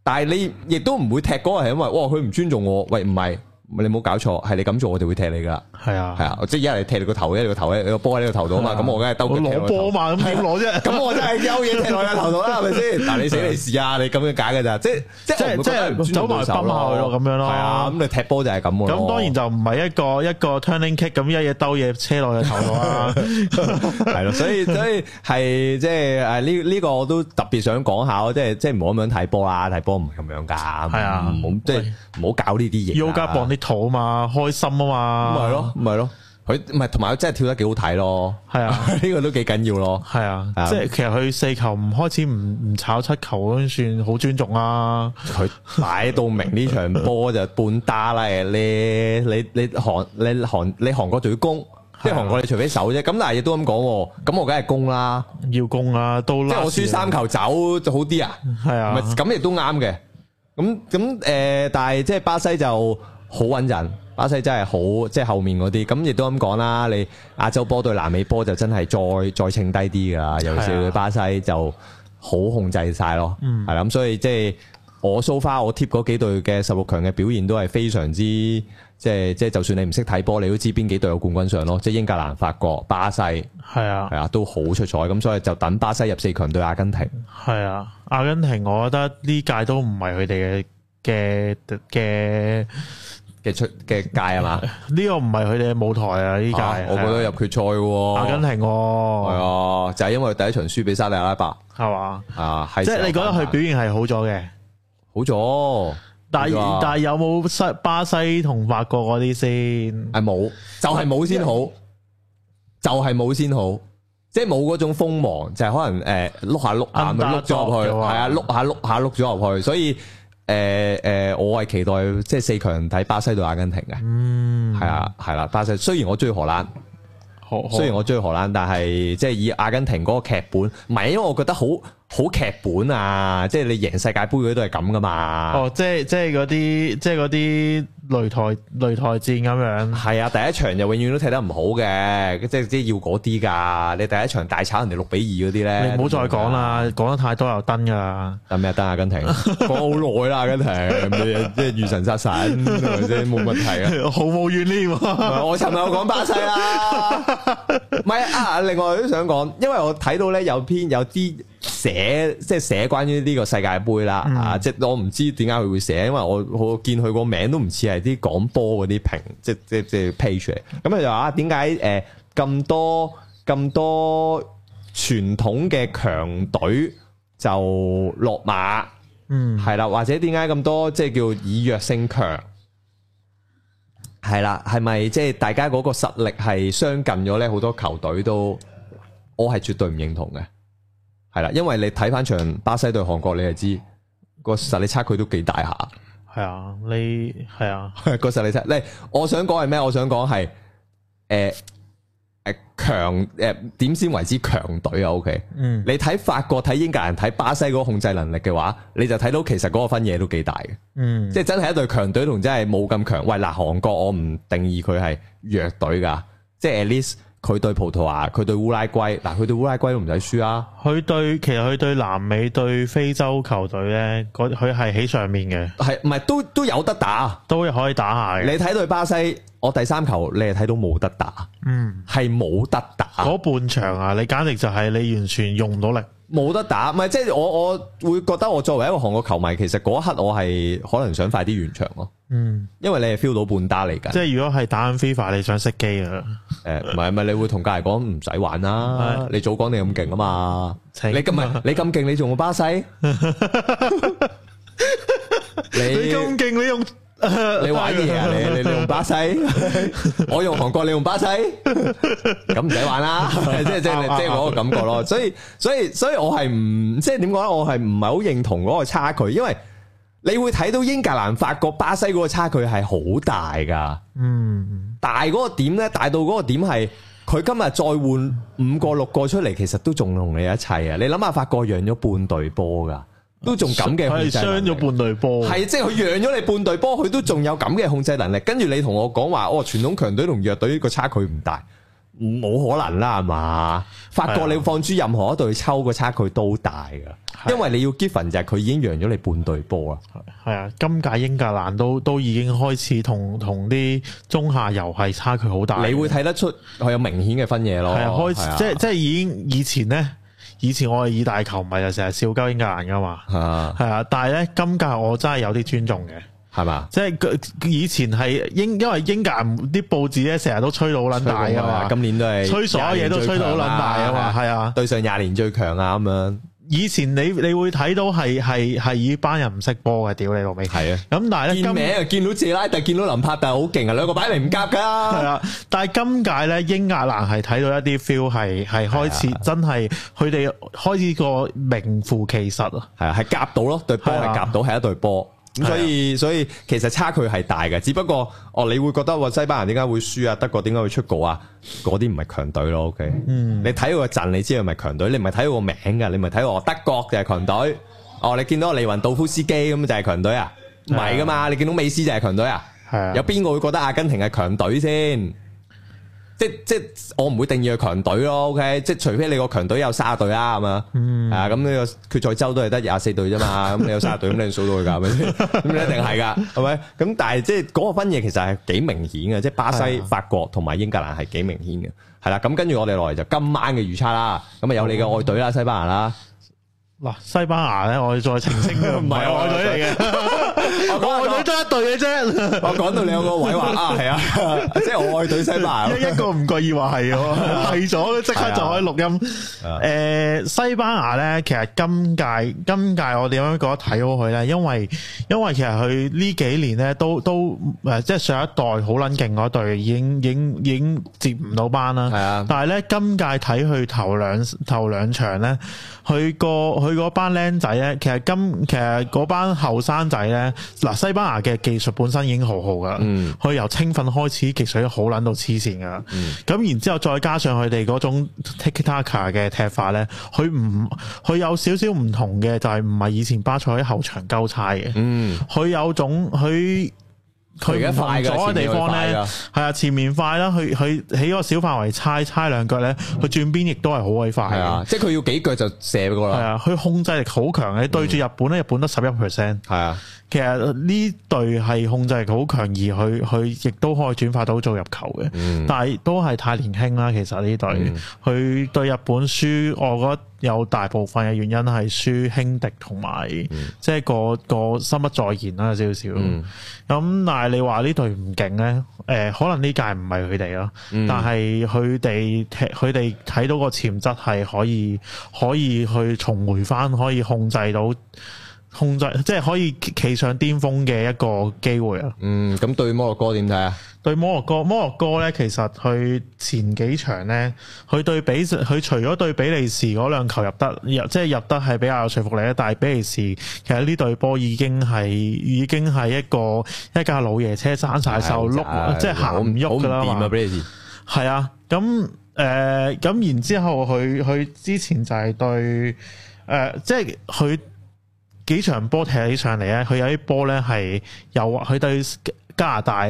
但係你亦都唔會踢嗰個，係因為，哇，佢唔尊重我，喂，唔係，你冇搞錯，係你咁做，我哋會踢你噶。係啊，係啊，即係而家嚟踢你個頭，喺你個頭喺個波喺你個頭度啊嘛，咁我梗係兜佢攞波嘛，咁點攞啫？咁我真係抽嘢踢落你個頭度啦，係咪先？但你死你事啊，你咁樣解嘅咋？即係即係即係走埋分下去咯，咁樣咯。係啊，咁你踢波就係咁咯。咁當然就唔係一個一個 turning kick 咁，一嘢兜嘢車落你個頭度啦。係咯，所以所以係即係誒呢呢個我都特別想講下，即係即係唔好咁樣睇波啊，睇波唔係咁樣噶。係啊，唔好即係唔好搞呢啲嘢。U 加 b 啲肚啊嘛，開心啊嘛，咁咯。唔係咯，佢唔係，同埋佢真係跳得幾好睇咯，係啊，呢個都幾緊要咯，係啊，即係其實佢四球唔開始唔唔炒七球都算好尊重啦，佢擺到明呢場波就半打啦，你你你韓你韓你韓國就要攻，即係韓國你除非守啫，咁但係亦都咁講，咁我梗係攻啦，要攻啦，都即係我輸三球走就好啲啊，係啊，咁亦都啱嘅，咁咁誒，但係即係巴西就。好穩陣，巴西真係好，即係後面嗰啲咁，亦都咁講啦。你亞洲波對南美波就真係再再稱低啲㗎啦。有時巴西就好控制晒咯，係啦、啊。咁、啊啊、所以即係我 show 翻我 tip 嗰幾隊嘅十六強嘅表現都係非常之即係即係，就算你唔識睇波，你都知邊幾隊有冠軍上咯。即係英格蘭、法國、巴西係啊，係啊，都好出彩。咁所以就等巴西入四強對阿根廷。係啊，阿根廷，我覺得呢屆都唔係佢哋嘅嘅嘅。 *laughs* 嘅出嘅界啊嘛？呢個唔係佢哋嘅舞台啊！呢屆，我覺得入決賽阿、啊、根廷、啊，係啊，就係、是、因為第一場輸俾沙地阿拉伯，係嘛吧？啊，係啊，係啊即係你覺得佢表現係好咗嘅，好咗了，但係嗎但係有冇西巴西同法國嗰啲先？啊冇，就係冇先好，就係冇先好，即係冇嗰種鋒芒，就係、是、可能誒碌、呃、下碌下碌咗入去，係啊碌下碌下碌咗入去，所以。誒誒、呃呃，我係期待即係四強睇巴西對阿根廷嘅，係啊係啦。巴西雖然我鍾意荷蘭，呵呵雖然我鍾意荷蘭，但係即係以阿根廷嗰個劇本，唔係因為我覺得好。好劇本啊！即係你贏世界盃嗰啲都係咁㗎嘛？哦，即係即係嗰啲即係嗰啲擂台擂台戰咁樣。係啊，第一場就永遠都踢得唔好嘅，即係即係要嗰啲㗎。你第一場大炒人哋六比二嗰啲咧，你唔好再講啦，講得太多又登㗎啦。阿咩登阿根廷講好耐啦，阿根廷即係遇神殺神，係咪先？冇問題啊，毫無怨念。我尋日我講巴西啦，唔係啊。另外都想講，因為我睇到咧有篇有啲，寫即係寫關於呢個世界盃啦，嗯、啊！即係我唔知點解佢會寫，因為我我見佢個名都唔似係啲講波嗰啲評，即係即係即係 page 嚟，嗯。咁佢就話：點解誒咁多咁多傳統嘅強隊就落馬？嗯，係啦，或者點解咁多即係叫以弱勝強？係啦，係咪即係大家嗰個實力係相近咗咧？好多球隊都，我係絕對唔認同嘅。係啦，因為你睇翻場巴西對韓國，你就知個實力差距都幾大下。係啊，你係啊， *laughs* 個實力差。你我想講係咩？我想講係誒誒強誒點先為之強隊啊？OK，嗯，你睇法國睇英格蘭睇巴西嗰個控制能力嘅話，你就睇到其實嗰個分野都幾大嘅。嗯，即係真係一隊強隊同真係冇咁強。喂，嗱、呃，韓國我唔定義佢係弱隊噶，即係 at least。佢對葡萄牙，佢對烏拉圭，嗱，佢對烏拉圭都唔使輸啊！佢對，其實佢對南美、對非洲球隊呢，佢佢係喺上面嘅，係唔係都都有得打，都可以打下嘅。你睇到巴西，我第三球你係睇到冇得打，嗯，係冇得打。嗰半場啊，你簡直就係你完全用到力，冇得打，唔係即係我我會覺得我作為一個韓國球迷，其實嗰刻我係可能想快啲完場咯、啊。嗯，因為你係 feel 到半打嚟噶，即係如果係打 FIFA，你想熄機啊？誒、呃，唔係唔係，你會同隔籬講唔使玩啦。你早講你咁勁啊嘛，你咁唔係你咁勁，你仲用巴西？你咁勁你用你玩嘅嘢啊？你你用巴西？我用韓國，你用巴西？咁唔使玩啦，即係即係即係嗰個感覺咯。 *laughs* 所以所以所以所以我係唔即係點講咧？我係唔係好認同嗰個差距，因為。你會睇到英格蘭、法國、巴西嗰個差距係好大噶，嗯，大嗰個點呢，大到嗰個點係，佢今日再換五個六個出嚟，其實都仲同你一齊啊！你諗下，法國讓咗半隊波噶，都仲咁嘅，係傷咗半隊波，係即係佢讓咗你半隊波，佢都仲有咁嘅控制能力。嗯、能力跟住你同我講話，哦，傳統強隊同弱隊個差距唔大。冇可能啦，係嘛？法國你放諸任何一隊抽個差距都大噶，的因為你要 give 分就係佢已經讓咗你半隊波啦。係啊，今屆英格蘭都都已經開始同同啲中下游係差距好大。你會睇得出佢有明顯嘅分野咯。係啊，開始的的即係即係已經以前呢，以前我係意大球迷就成日笑鳩英格蘭噶嘛。係啊的，係啊，但係呢，今屆我真係有啲尊重嘅。係嘛？即係佢以前係英，因為英格蘭啲報紙咧成日都吹到好撚大噶嘛今年都係吹所有嘢都吹到好撚大啊嘛。係啊，對上廿年最強啊咁樣。以前你你會睇到係係係以班人唔識波嘅，屌你老味。係啊。咁但係咧，今日見到謝拉特，見到林柏特好勁啊，兩個擺嚟唔夾噶係啊。但係今屆咧，英格蘭係睇到一啲 feel 係係開始真係佢哋開始個名副其實啊。係啊，係夾到咯，對波係夾到係一對波。所以所以，所以其實差距係大嘅，只不過哦，你會覺得哇，西班牙點解會輸啊？德國點解會出局啊？嗰啲唔係強隊咯，OK？嗯，你睇佢個陣，你知道咪強隊？你唔係睇佢個名㗎，你唔係睇我德國就係強隊。哦，你見到利雲道夫斯基咁就係強隊啊？唔係㗎嘛，的你見到美斯就係強隊啊？係啊的，有邊個會覺得阿根廷係強隊先？即即我唔會定義佢強隊咯，OK？即除非你個強隊有三隊啦，係嘛、嗯？啊，咁呢個決賽周都係得廿四隊啫嘛，咁 *laughs* 你有三隊咁你數到佢噶，咁你一定係噶，係咪？咁但係即嗰、那個分野其實係幾明顯嘅，即巴西、啊、法國同埋英格蘭係幾明顯嘅，係啦、啊。咁跟住我哋落嚟就今晚嘅預測啦，咁啊有你嘅外隊啦，西班牙啦，嗱、啊，西班牙咧我要再澄清，清，唔係 *laughs* 外隊嚟嘅。我愛隊一隊嘅啫，我講到你有個位話 *laughs* 啊，係啊，即係我愛隊西班牙， *laughs* 一個唔覺意話係，係咗，即刻就可以錄音。誒、啊呃，西班牙咧，其實今屆今屆，今屆我點樣覺得睇好佢咧？因為因為其實佢呢幾年咧都都誒，即係上一代好捻勁嗰隊，已經已經已經，已經接唔到班啦。係啊，但係咧今屆睇佢頭兩頭兩，頭兩場咧，佢個佢嗰班僆仔咧，其實今其實嗰班後生仔咧。嗱，西班牙嘅技術本身已經好好噶，佢、嗯、由青訓開始，技術已經好撚到黐線噶。咁、嗯、然之後，再加上佢哋嗰種 tiki taka 嘅踢法咧，佢唔佢有少少唔同嘅，就係唔係以前巴塞喺後場鳩差嘅。佢、嗯、有種佢佢快咗嘅地方咧，係啊，前面快啦，佢佢喺個小範圍猜，猜猜兩腳咧，佢轉邊亦都係好鬼快嘅、嗯啊，即係佢要幾腳就射嗰個啦。係啊，佢控制力好強嘅，你對住日本咧、嗯，日本得十一 percent 係啊。其實呢隊係控制好強，而佢佢亦都可以轉化到做入球嘅，嗯、但係都係太年輕啦。其實呢隊，佢、嗯、對日本輸，我覺得有大部分嘅原因係輸輕敵同埋，嗯、即係個個心不在焉啦，少少、嗯。咁但係你話呢隊唔勁呢？誒、呃，可能呢屆唔係佢哋咯，但係佢哋佢哋睇到個潛質係可以可以去重回翻，可以控制到。控制即係可以企上巔峰嘅一個機會啦。嗯，咁對摩洛哥點睇啊？對摩洛哥，摩洛哥咧，其實佢前幾場咧，佢對比佢，除咗對比利時嗰兩球入得，入即係入得係比較有說服力咧。但係比利時其實呢隊波已經係已經係一個一架老爺車，閂晒手碌，即係、哎、呀行唔喐噶啦嘛。係啊，咁誒，咁、啊呃、然之後佢佢之前就係對誒、呃，即係佢。幾場波踢起上嚟咧，佢有啲波咧係由佢對加拿大、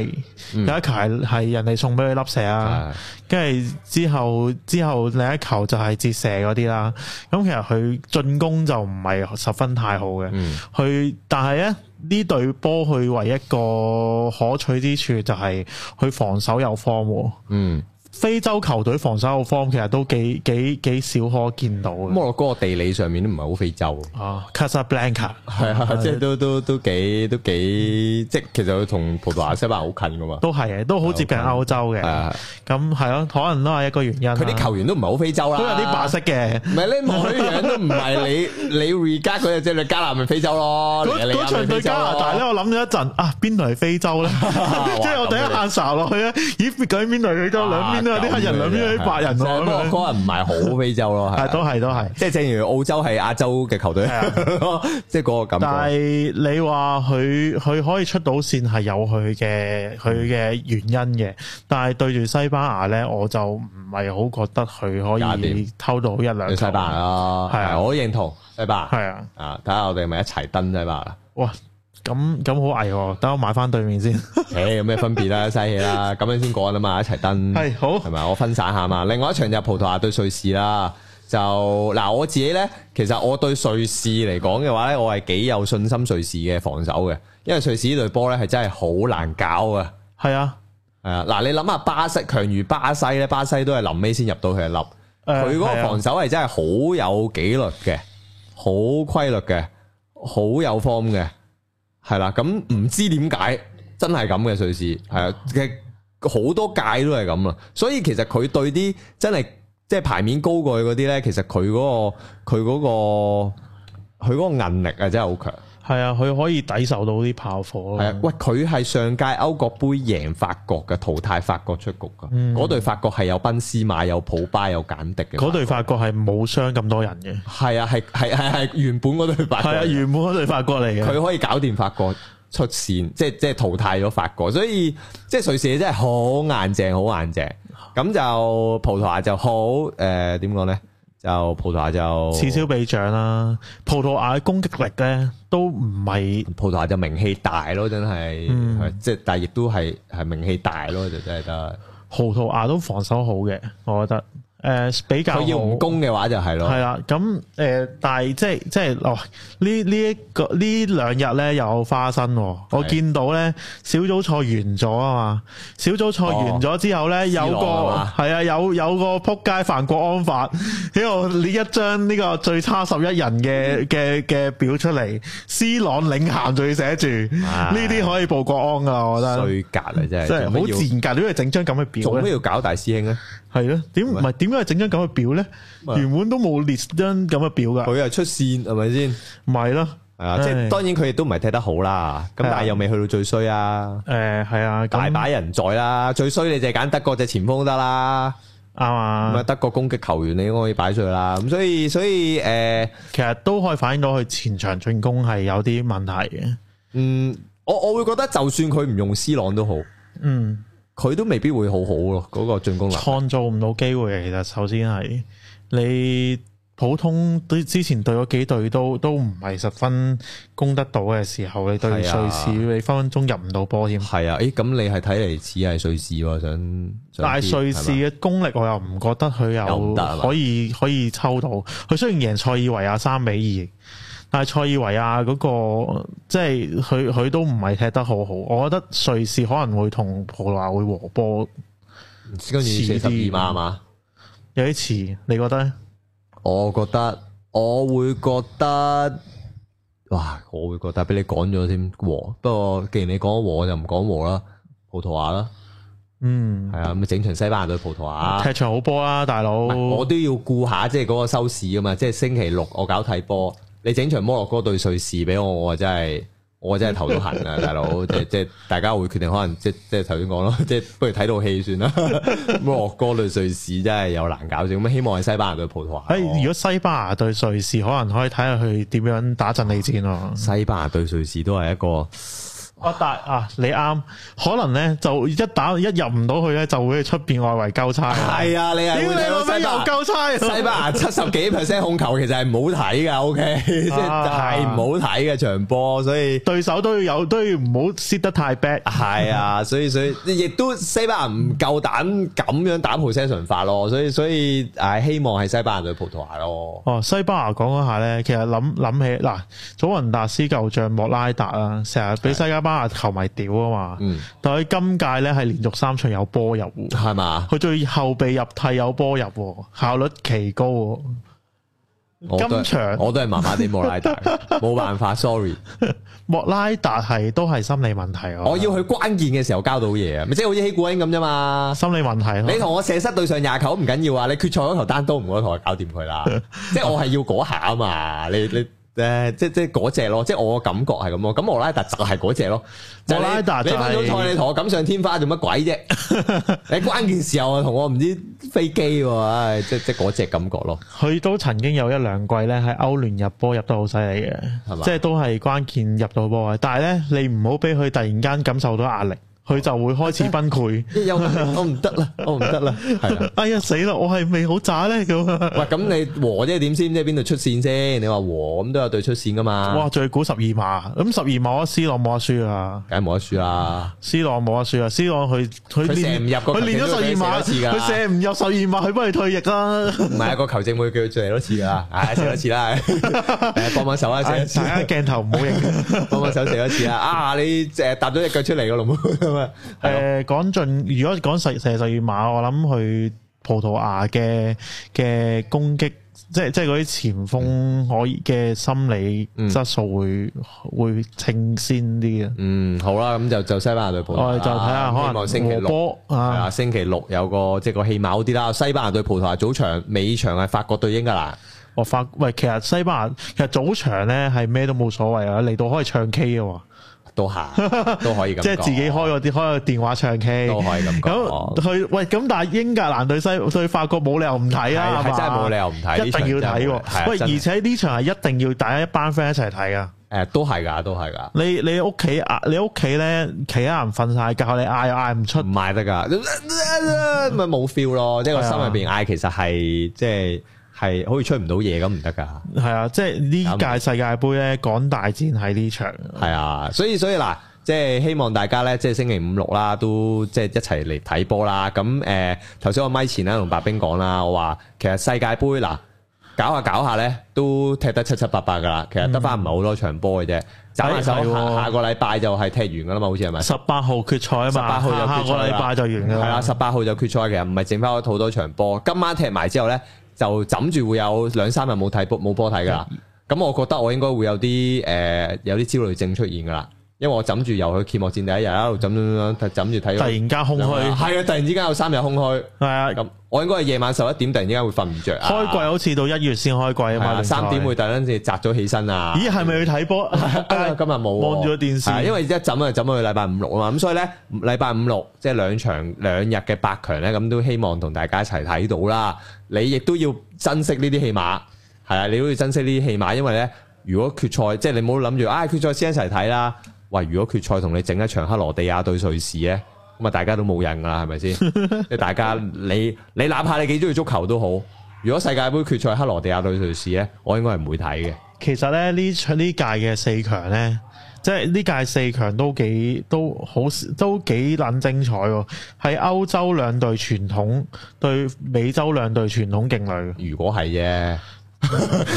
嗯、有一球係係人哋送俾佢粒射啊，跟住、嗯、之後之後另一球就係折射嗰啲啦。咁其實佢進攻就唔係十分太好嘅，佢、嗯、但係咧呢隊波佢唯一一個可取之處就係佢防守有方喎。嗯。非洲球隊防守方其實都幾幾幾少可見到。摩洛哥地理上面都唔係好非洲。啊 Casablanca 啊，即係都都都幾都幾，即係其實佢同葡萄牙西班牙好近噶嘛。都係都好接近歐洲嘅。咁係咯，可能都係一個原因。佢啲球員都唔係好非洲啦。都有啲白色嘅。唔係咧，每樣都唔係你你而家 regard 嗰隻即係加拿大咪非洲咯？嗰嗰場對加拿大咧，我諗咗一陣啊，邊度係非洲咧？即係我第一眼查落去啊，咦？究竟邊度係非洲？兩邊都。啲黑人兩邊啲白人咯，嗰人唔係好非洲咯，係都係都係，即係正如澳洲係亞洲嘅球隊，即係個感覺。但係你話佢佢可以出到線係有佢嘅佢嘅原因嘅，但係對住西班牙咧，我就唔係好覺得佢可以你偷到一兩。西班牙咯，係我都認同。西班牙係啊，啊，睇下我哋咪一齊登西班牙啦。哇！咁咁好危喎，等我買翻對面先、 *laughs* 欸。誒、啊，有咩分別啦？嘥氣啦，咁樣先過啦嘛，一齊登係好，係咪？我分散下嘛。另外一場就葡萄牙對瑞士啦，就嗱我自己呢，其實我對瑞士嚟講嘅話呢，我係幾有信心瑞士嘅防守嘅，因為瑞士呢隊波呢係真係好難搞啊。係啊，係啊，嗱，你諗下巴西強如巴西呢，巴西都係臨尾先入到佢一粒，佢嗰個防守係真係好有紀律嘅，好規律嘅，好有 form 嘅。係啦，咁唔知點解真係咁嘅瑞士，係啊嘅好多屆都係咁啦，所以其實佢對啲真係即係牌面高過佢嗰啲呢，其實佢嗰個，佢嗰個，佢嗰個韌力啊，真係好強。係啊，佢可以抵受到啲炮火。係啊，喂，佢係上屆歐國杯贏法國嘅淘汰法國出局噶，嗰隊、嗯嗯、法國係有賓斯馬、有普巴、有簡迪嘅。嗰隊法國係冇傷咁多人嘅。係啊，係係係係，原本嗰隊法係 *laughs* 啊，原本嗰隊法國嚟嘅。佢可以搞掂法國出線，即係即係淘汰咗法國，所以即係瑞士真係好硬淨，好硬淨。咁就葡萄牙就好誒，點講咧？就葡萄牙就此消彼長啦。葡萄牙嘅攻擊力咧都唔係，葡萄牙就名氣大咯，真係，即係、嗯、但係亦都係係名氣大咯，就真係得。葡萄牙都防守好嘅，我覺得。誒，比較要唔公嘅話就係咯，係啦。咁誒，但係即係即係哦，呢呢一個呢兩日咧，又有花生，我見到咧，小組賽完咗啊嘛，小組賽完咗之後咧、哦、有個係啊，有有個扑街犯國安法，之後呢一張呢個最差十一人嘅嘅嘅錶出嚟，C 朗領銜仲要寫住呢啲可以報國安噶，我覺得衰格啊真係，真係好賤格，因為整張咁嘅錶呢，做咩要搞大師兄咧？係咯，點唔係？點解係整張咁嘅表咧？是原本都冇列張咁嘅表噶，佢係出線係咪先？唔係啦，係啊，的唉即係當然佢亦都唔係踢得好啦。咁的但係又未去到最衰啊。誒，係啊，大把人在啦。最衰你就揀德國隻前鋒得啦，啱啊的。德國攻擊球員你應該可以擺出去啦。咁所以所以誒，以呃、其實都可以反映到佢前場進攻係有啲問題嘅。嗯，我我,我會覺得就算佢唔用 C 朗都好，嗯。佢都未必會好好咯，嗰個進攻力，創造唔到機會。其實首先係你普通對之前對嗰幾隊都都唔係十分攻得到嘅時候，你對瑞士、啊、你分分鐘入唔到波添。係啊，誒，咁你係睇嚟似係瑞士喎，想但係瑞士嘅功力吧我又唔覺得佢有又可以可以抽到。佢雖然贏塞爾維亞三比二。但係塞爾維亞，嗰個即係佢佢都唔係踢得好好，我覺得瑞士可能會同葡萄牙會和波，跟住四十二碼嘛，有啲遲，你覺得咧？我覺得我會覺得，哇！我會覺得俾你講咗先和，不過既然你講和，我就唔講和啦，葡萄牙啦，嗯，係啊，咁整場西班牙對葡萄牙踢場好波啦、啊，大佬，我都要顧下即係嗰個收市啊嘛，即係星期六我搞睇波。你整場摩洛哥對瑞士俾我，我真係我真係頭都痕啊，大佬！ *laughs* 即即大家會決定，可能即即頭先講咯，即，即，即，即不如睇套戲算啦。摩洛哥對瑞士真係有難搞住，咁希望係西班牙對葡萄牙。哎，如果西班牙對瑞士，可能可以睇下佢點樣打陣嚟先咯。西班牙對瑞士都係一個。阿達啊，你啱，可能咧就一打一入唔到去咧，就會出邊外圍交差。係啊，你啊，屌你老母又交差？西班牙七十幾 percent 控球，其實係唔好睇噶，OK，即係太唔好睇嘅場波，所以對手都要有都要唔好 set 得太 bad。係啊，所以所以亦都西班牙唔夠膽咁樣打 professional 化咯，所以所以誒希望係西班牙對葡萄牙咯。哦，西班牙講嗰下咧，其實諗諗起嗱，祖雲達斯舊將莫拉達啊，成日俾西班牙。巴球迷屌啊嘛，但係佢今屆咧係連續三場有波入，係嘛？佢最後備入替有波入，效率奇高。今場我都係麻麻哋莫拉達，冇辦法，sorry。莫拉達係都係心理問題。我要佢關鍵嘅時候交到嘢啊，咪即係好似希古英咁啫嘛。心理問題，你同我射失對上廿球唔緊要啊，你決賽嗰頭單刀唔該同佢搞掂佢啦，即係我係要嗰下啊嘛，你你。咧，即即嗰隻咯，即我嘅感覺係咁咯。咁莫拉特就係嗰隻咯，莫拉特，就是。你翻咗菜，你同我錦上添花做乜鬼啫？ *laughs* 你關鍵時候同我唔知飛機喎，唉、哎，即即嗰隻感覺咯。佢都曾經有一兩季咧喺歐聯入波入得好犀利嘅，係嘛吧？即係都係關鍵入到波嘅。但係咧，你唔好俾佢突然間感受到壓力。佢就會開始崩潰、啊，有我唔得啦，我唔得啦，係哎呀死啦，我係未好渣咧咁啊！哇， *laughs* 咁你和啫點先，即係邊度出線先？你話和咁都有隊出線噶嘛？哇，最估十二碼，咁十二碼 C 朗冇得輸啊，梗係冇得輸啦，C 朗冇得輸啊，C 朗佢佢射唔入佢練咗十二碼一次㗎，佢射唔入十二碼，佢不如退役啦。唔 *laughs* 係一個球證會叫佢射多一次啊，唉、 *laughs* 哎，射一次啦，誒，幫我手一次，大家鏡頭唔好影，幫我手射一次啦。 *laughs* 啊，你誒、呃、踏咗隻腳出嚟個老誒，講盡，如果講十十十二碼，我諗佢葡萄牙嘅嘅攻擊，即係即係嗰啲前鋒，可以嘅心理質素會會清先啲嘅。嗯，好啦，咁就就西班牙對葡萄牙，我哋就睇下可能星期六啊，星期六有個即係個戲碼好啲啦。西班牙對葡萄牙早場，尾場係法國對英格蘭啦。哦，法、喂，其實西班牙其實早場咧係咩都冇所謂啊，嚟到可以唱 K 啊。都可以咁， *laughs* 即係自己開個啲開個電話唱 K，都 *laughs* 可以咁。咁去喂，咁但係英格蘭對西對法國冇理由唔睇啊，係真係冇理由唔睇，一定要睇。喂，而且呢場係一定要大家一班 friend 一齊睇㗎。誒、嗯，都係噶，都係噶。你你屋企啊，你屋企咧，其他人瞓晒覺，隔你嗌嗌唔出，唔嗌得噶，咪冇 feel 咯。即係個心入邊嗌，其實係即係。係好似出唔到嘢咁唔得噶，係啊！即係呢屆世界盃咧，港大戰喺呢場。係啊，所以所以嗱，即係希望大家咧，即係星期五六啦，都即係一齊嚟睇波啦。咁誒、頭、呃、先我咪前啦，同白兵講啦，我話其實世界盃嗱，搞下搞下咧，都踢得七七八八噶啦。其實得翻唔係好多場波嘅啫。下下個禮拜就係踢完噶啦嘛，好似係咪？十八號決賽啊嘛，十下下個禮拜就完啦。係啦、啊，十八號就決賽，其實唔係剩翻好好多場波。今晚踢埋之後咧。就枕住會有兩三日冇睇波冇波睇㗎啦，咁、嗯嗯、我覺得我應該會有啲誒、呃、有啲焦慮症出現㗎啦。因為我枕住又去揭幕戰第一日一直一直一直，一路枕枕住睇，突然間空虛，係啊！突然之間有三日空虛，係啊的！咁我應該係夜晚十一點，突然之間會瞓唔著。開季好似到一月先開季啊嘛，三點的白會突然間折紮咗起身啊！咦？係咪去睇波？嗯、 *laughs* 今日冇望住個電視，因為一枕就枕去禮拜五六啊嘛。咁所以咧，禮拜五六即係、就是、兩場兩日嘅八強咧，咁都希望同大家一齊睇到啦。你亦都要珍惜呢啲戲碼，係啊！你都要珍惜呢啲戲碼，因為咧，如果決賽即係、就是、你冇諗住啊決賽先一齊睇啦。喂，如果決賽同你整一場克羅地亞對瑞士咧，咁啊大家都冇人啦，係咪先？即 *laughs* 大家，你你，哪怕你幾中意足球都好，如果世界盃決賽克羅地亞對瑞士咧，我應該係唔會睇嘅。其實咧呢呢屆嘅四強呢，即係呢屆四強都幾都好都幾撚精彩喎！係歐洲兩隊傳統對美洲兩隊傳統勁旅。如果係嘅。 *laughs*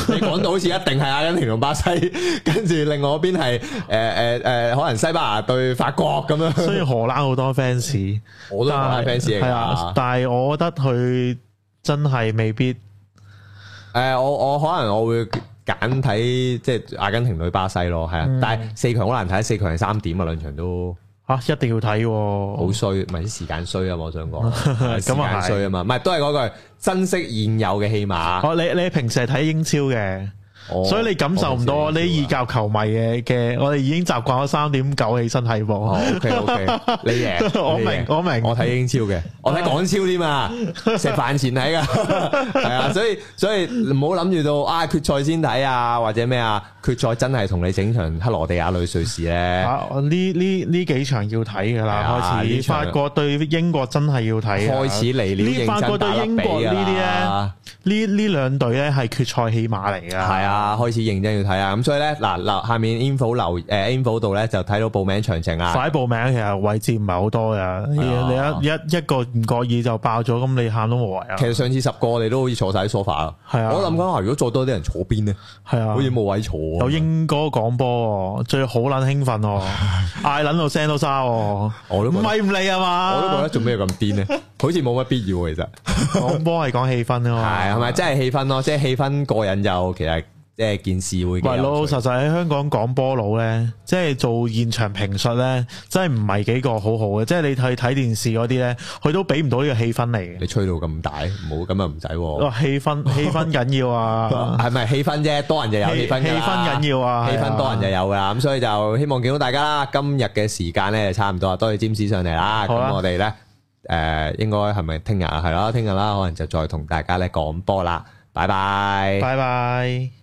你講到好似一定係阿根廷同巴西，跟住另外一邊係誒誒誒，可能西班牙對法國咁樣。所以荷蘭好多 fans，好多係 fans 係啊，但係我覺得佢真係未必。誒、呃，我我可能我會揀睇即係阿根廷對巴西咯，係啊。嗯、但係四強好難睇，四強係三點啊，兩場都。吓、啊，一定要睇喎，好衰，唔係啲時間衰啊！我想講， *laughs* 時間衰啊嘛，唔係 *laughs* 都係嗰句，珍惜現有嘅戲碼。哦，你你平時係睇英超嘅？所以你感受唔到，呢？二教球迷嘅嘅，我哋已經習慣咗三點九起身睇波。OK，OK，你贏，我明，我明。我睇英超嘅，我睇港超添啊！食飯前睇噶，係啊，所以所以唔好諗住到啊決賽先睇啊，或者咩啊？決賽真係同你整場克羅地亞對瑞士咧。呢呢呢幾場要睇噶啦，開始。法國對英國真係要睇，開始嚟了。呢法國對英國呢啲咧，呢呢兩隊咧係決賽起碼嚟噶。係啊。啊！開始認真要睇啊！咁所以咧，嗱嗱下面 info 留誒 info 度咧，就睇到報名詳情啊！快報名，其實位置唔係好多嘅，你一一一個唔覺意就爆咗，咁你喊都無謂啊！其實上次十個你都好似坐曬喺 sofa 啊！係啊！我諗緊啊，如果再多啲人坐邊咧，係啊，好似冇位坐啊！有鷹哥講波，最好撚興奮哦，嗌撚到聲都沙，我都唔係唔理啊嘛！我都覺得做咩咁癲咧？好似冇乜必要，其實講波係講氣氛咯，係係咪真係氣氛咯？即係氣氛過癮就其實～即係件事會，係咯，老老實實喺香港講波佬咧，即係做現場評述咧，真係唔係幾個好好嘅，即係你去睇電視嗰啲咧，佢都俾唔到呢個氣氛嚟嘅。你吹到咁大，唔好咁啊，唔使。哦，氣氛氣氛緊要啊，係咪氣氛啫？多人就有氣氛。氣氛緊要啊，氣氛多人就有噶啦。咁所以就希望見到大家啦。今日嘅時間咧，差唔多啦。多謝占士上嚟啦。好啦，咁我哋咧，誒，應該係咪聽日啊？係咯，聽日啦，可能就再同大家咧講波啦。拜拜，拜拜。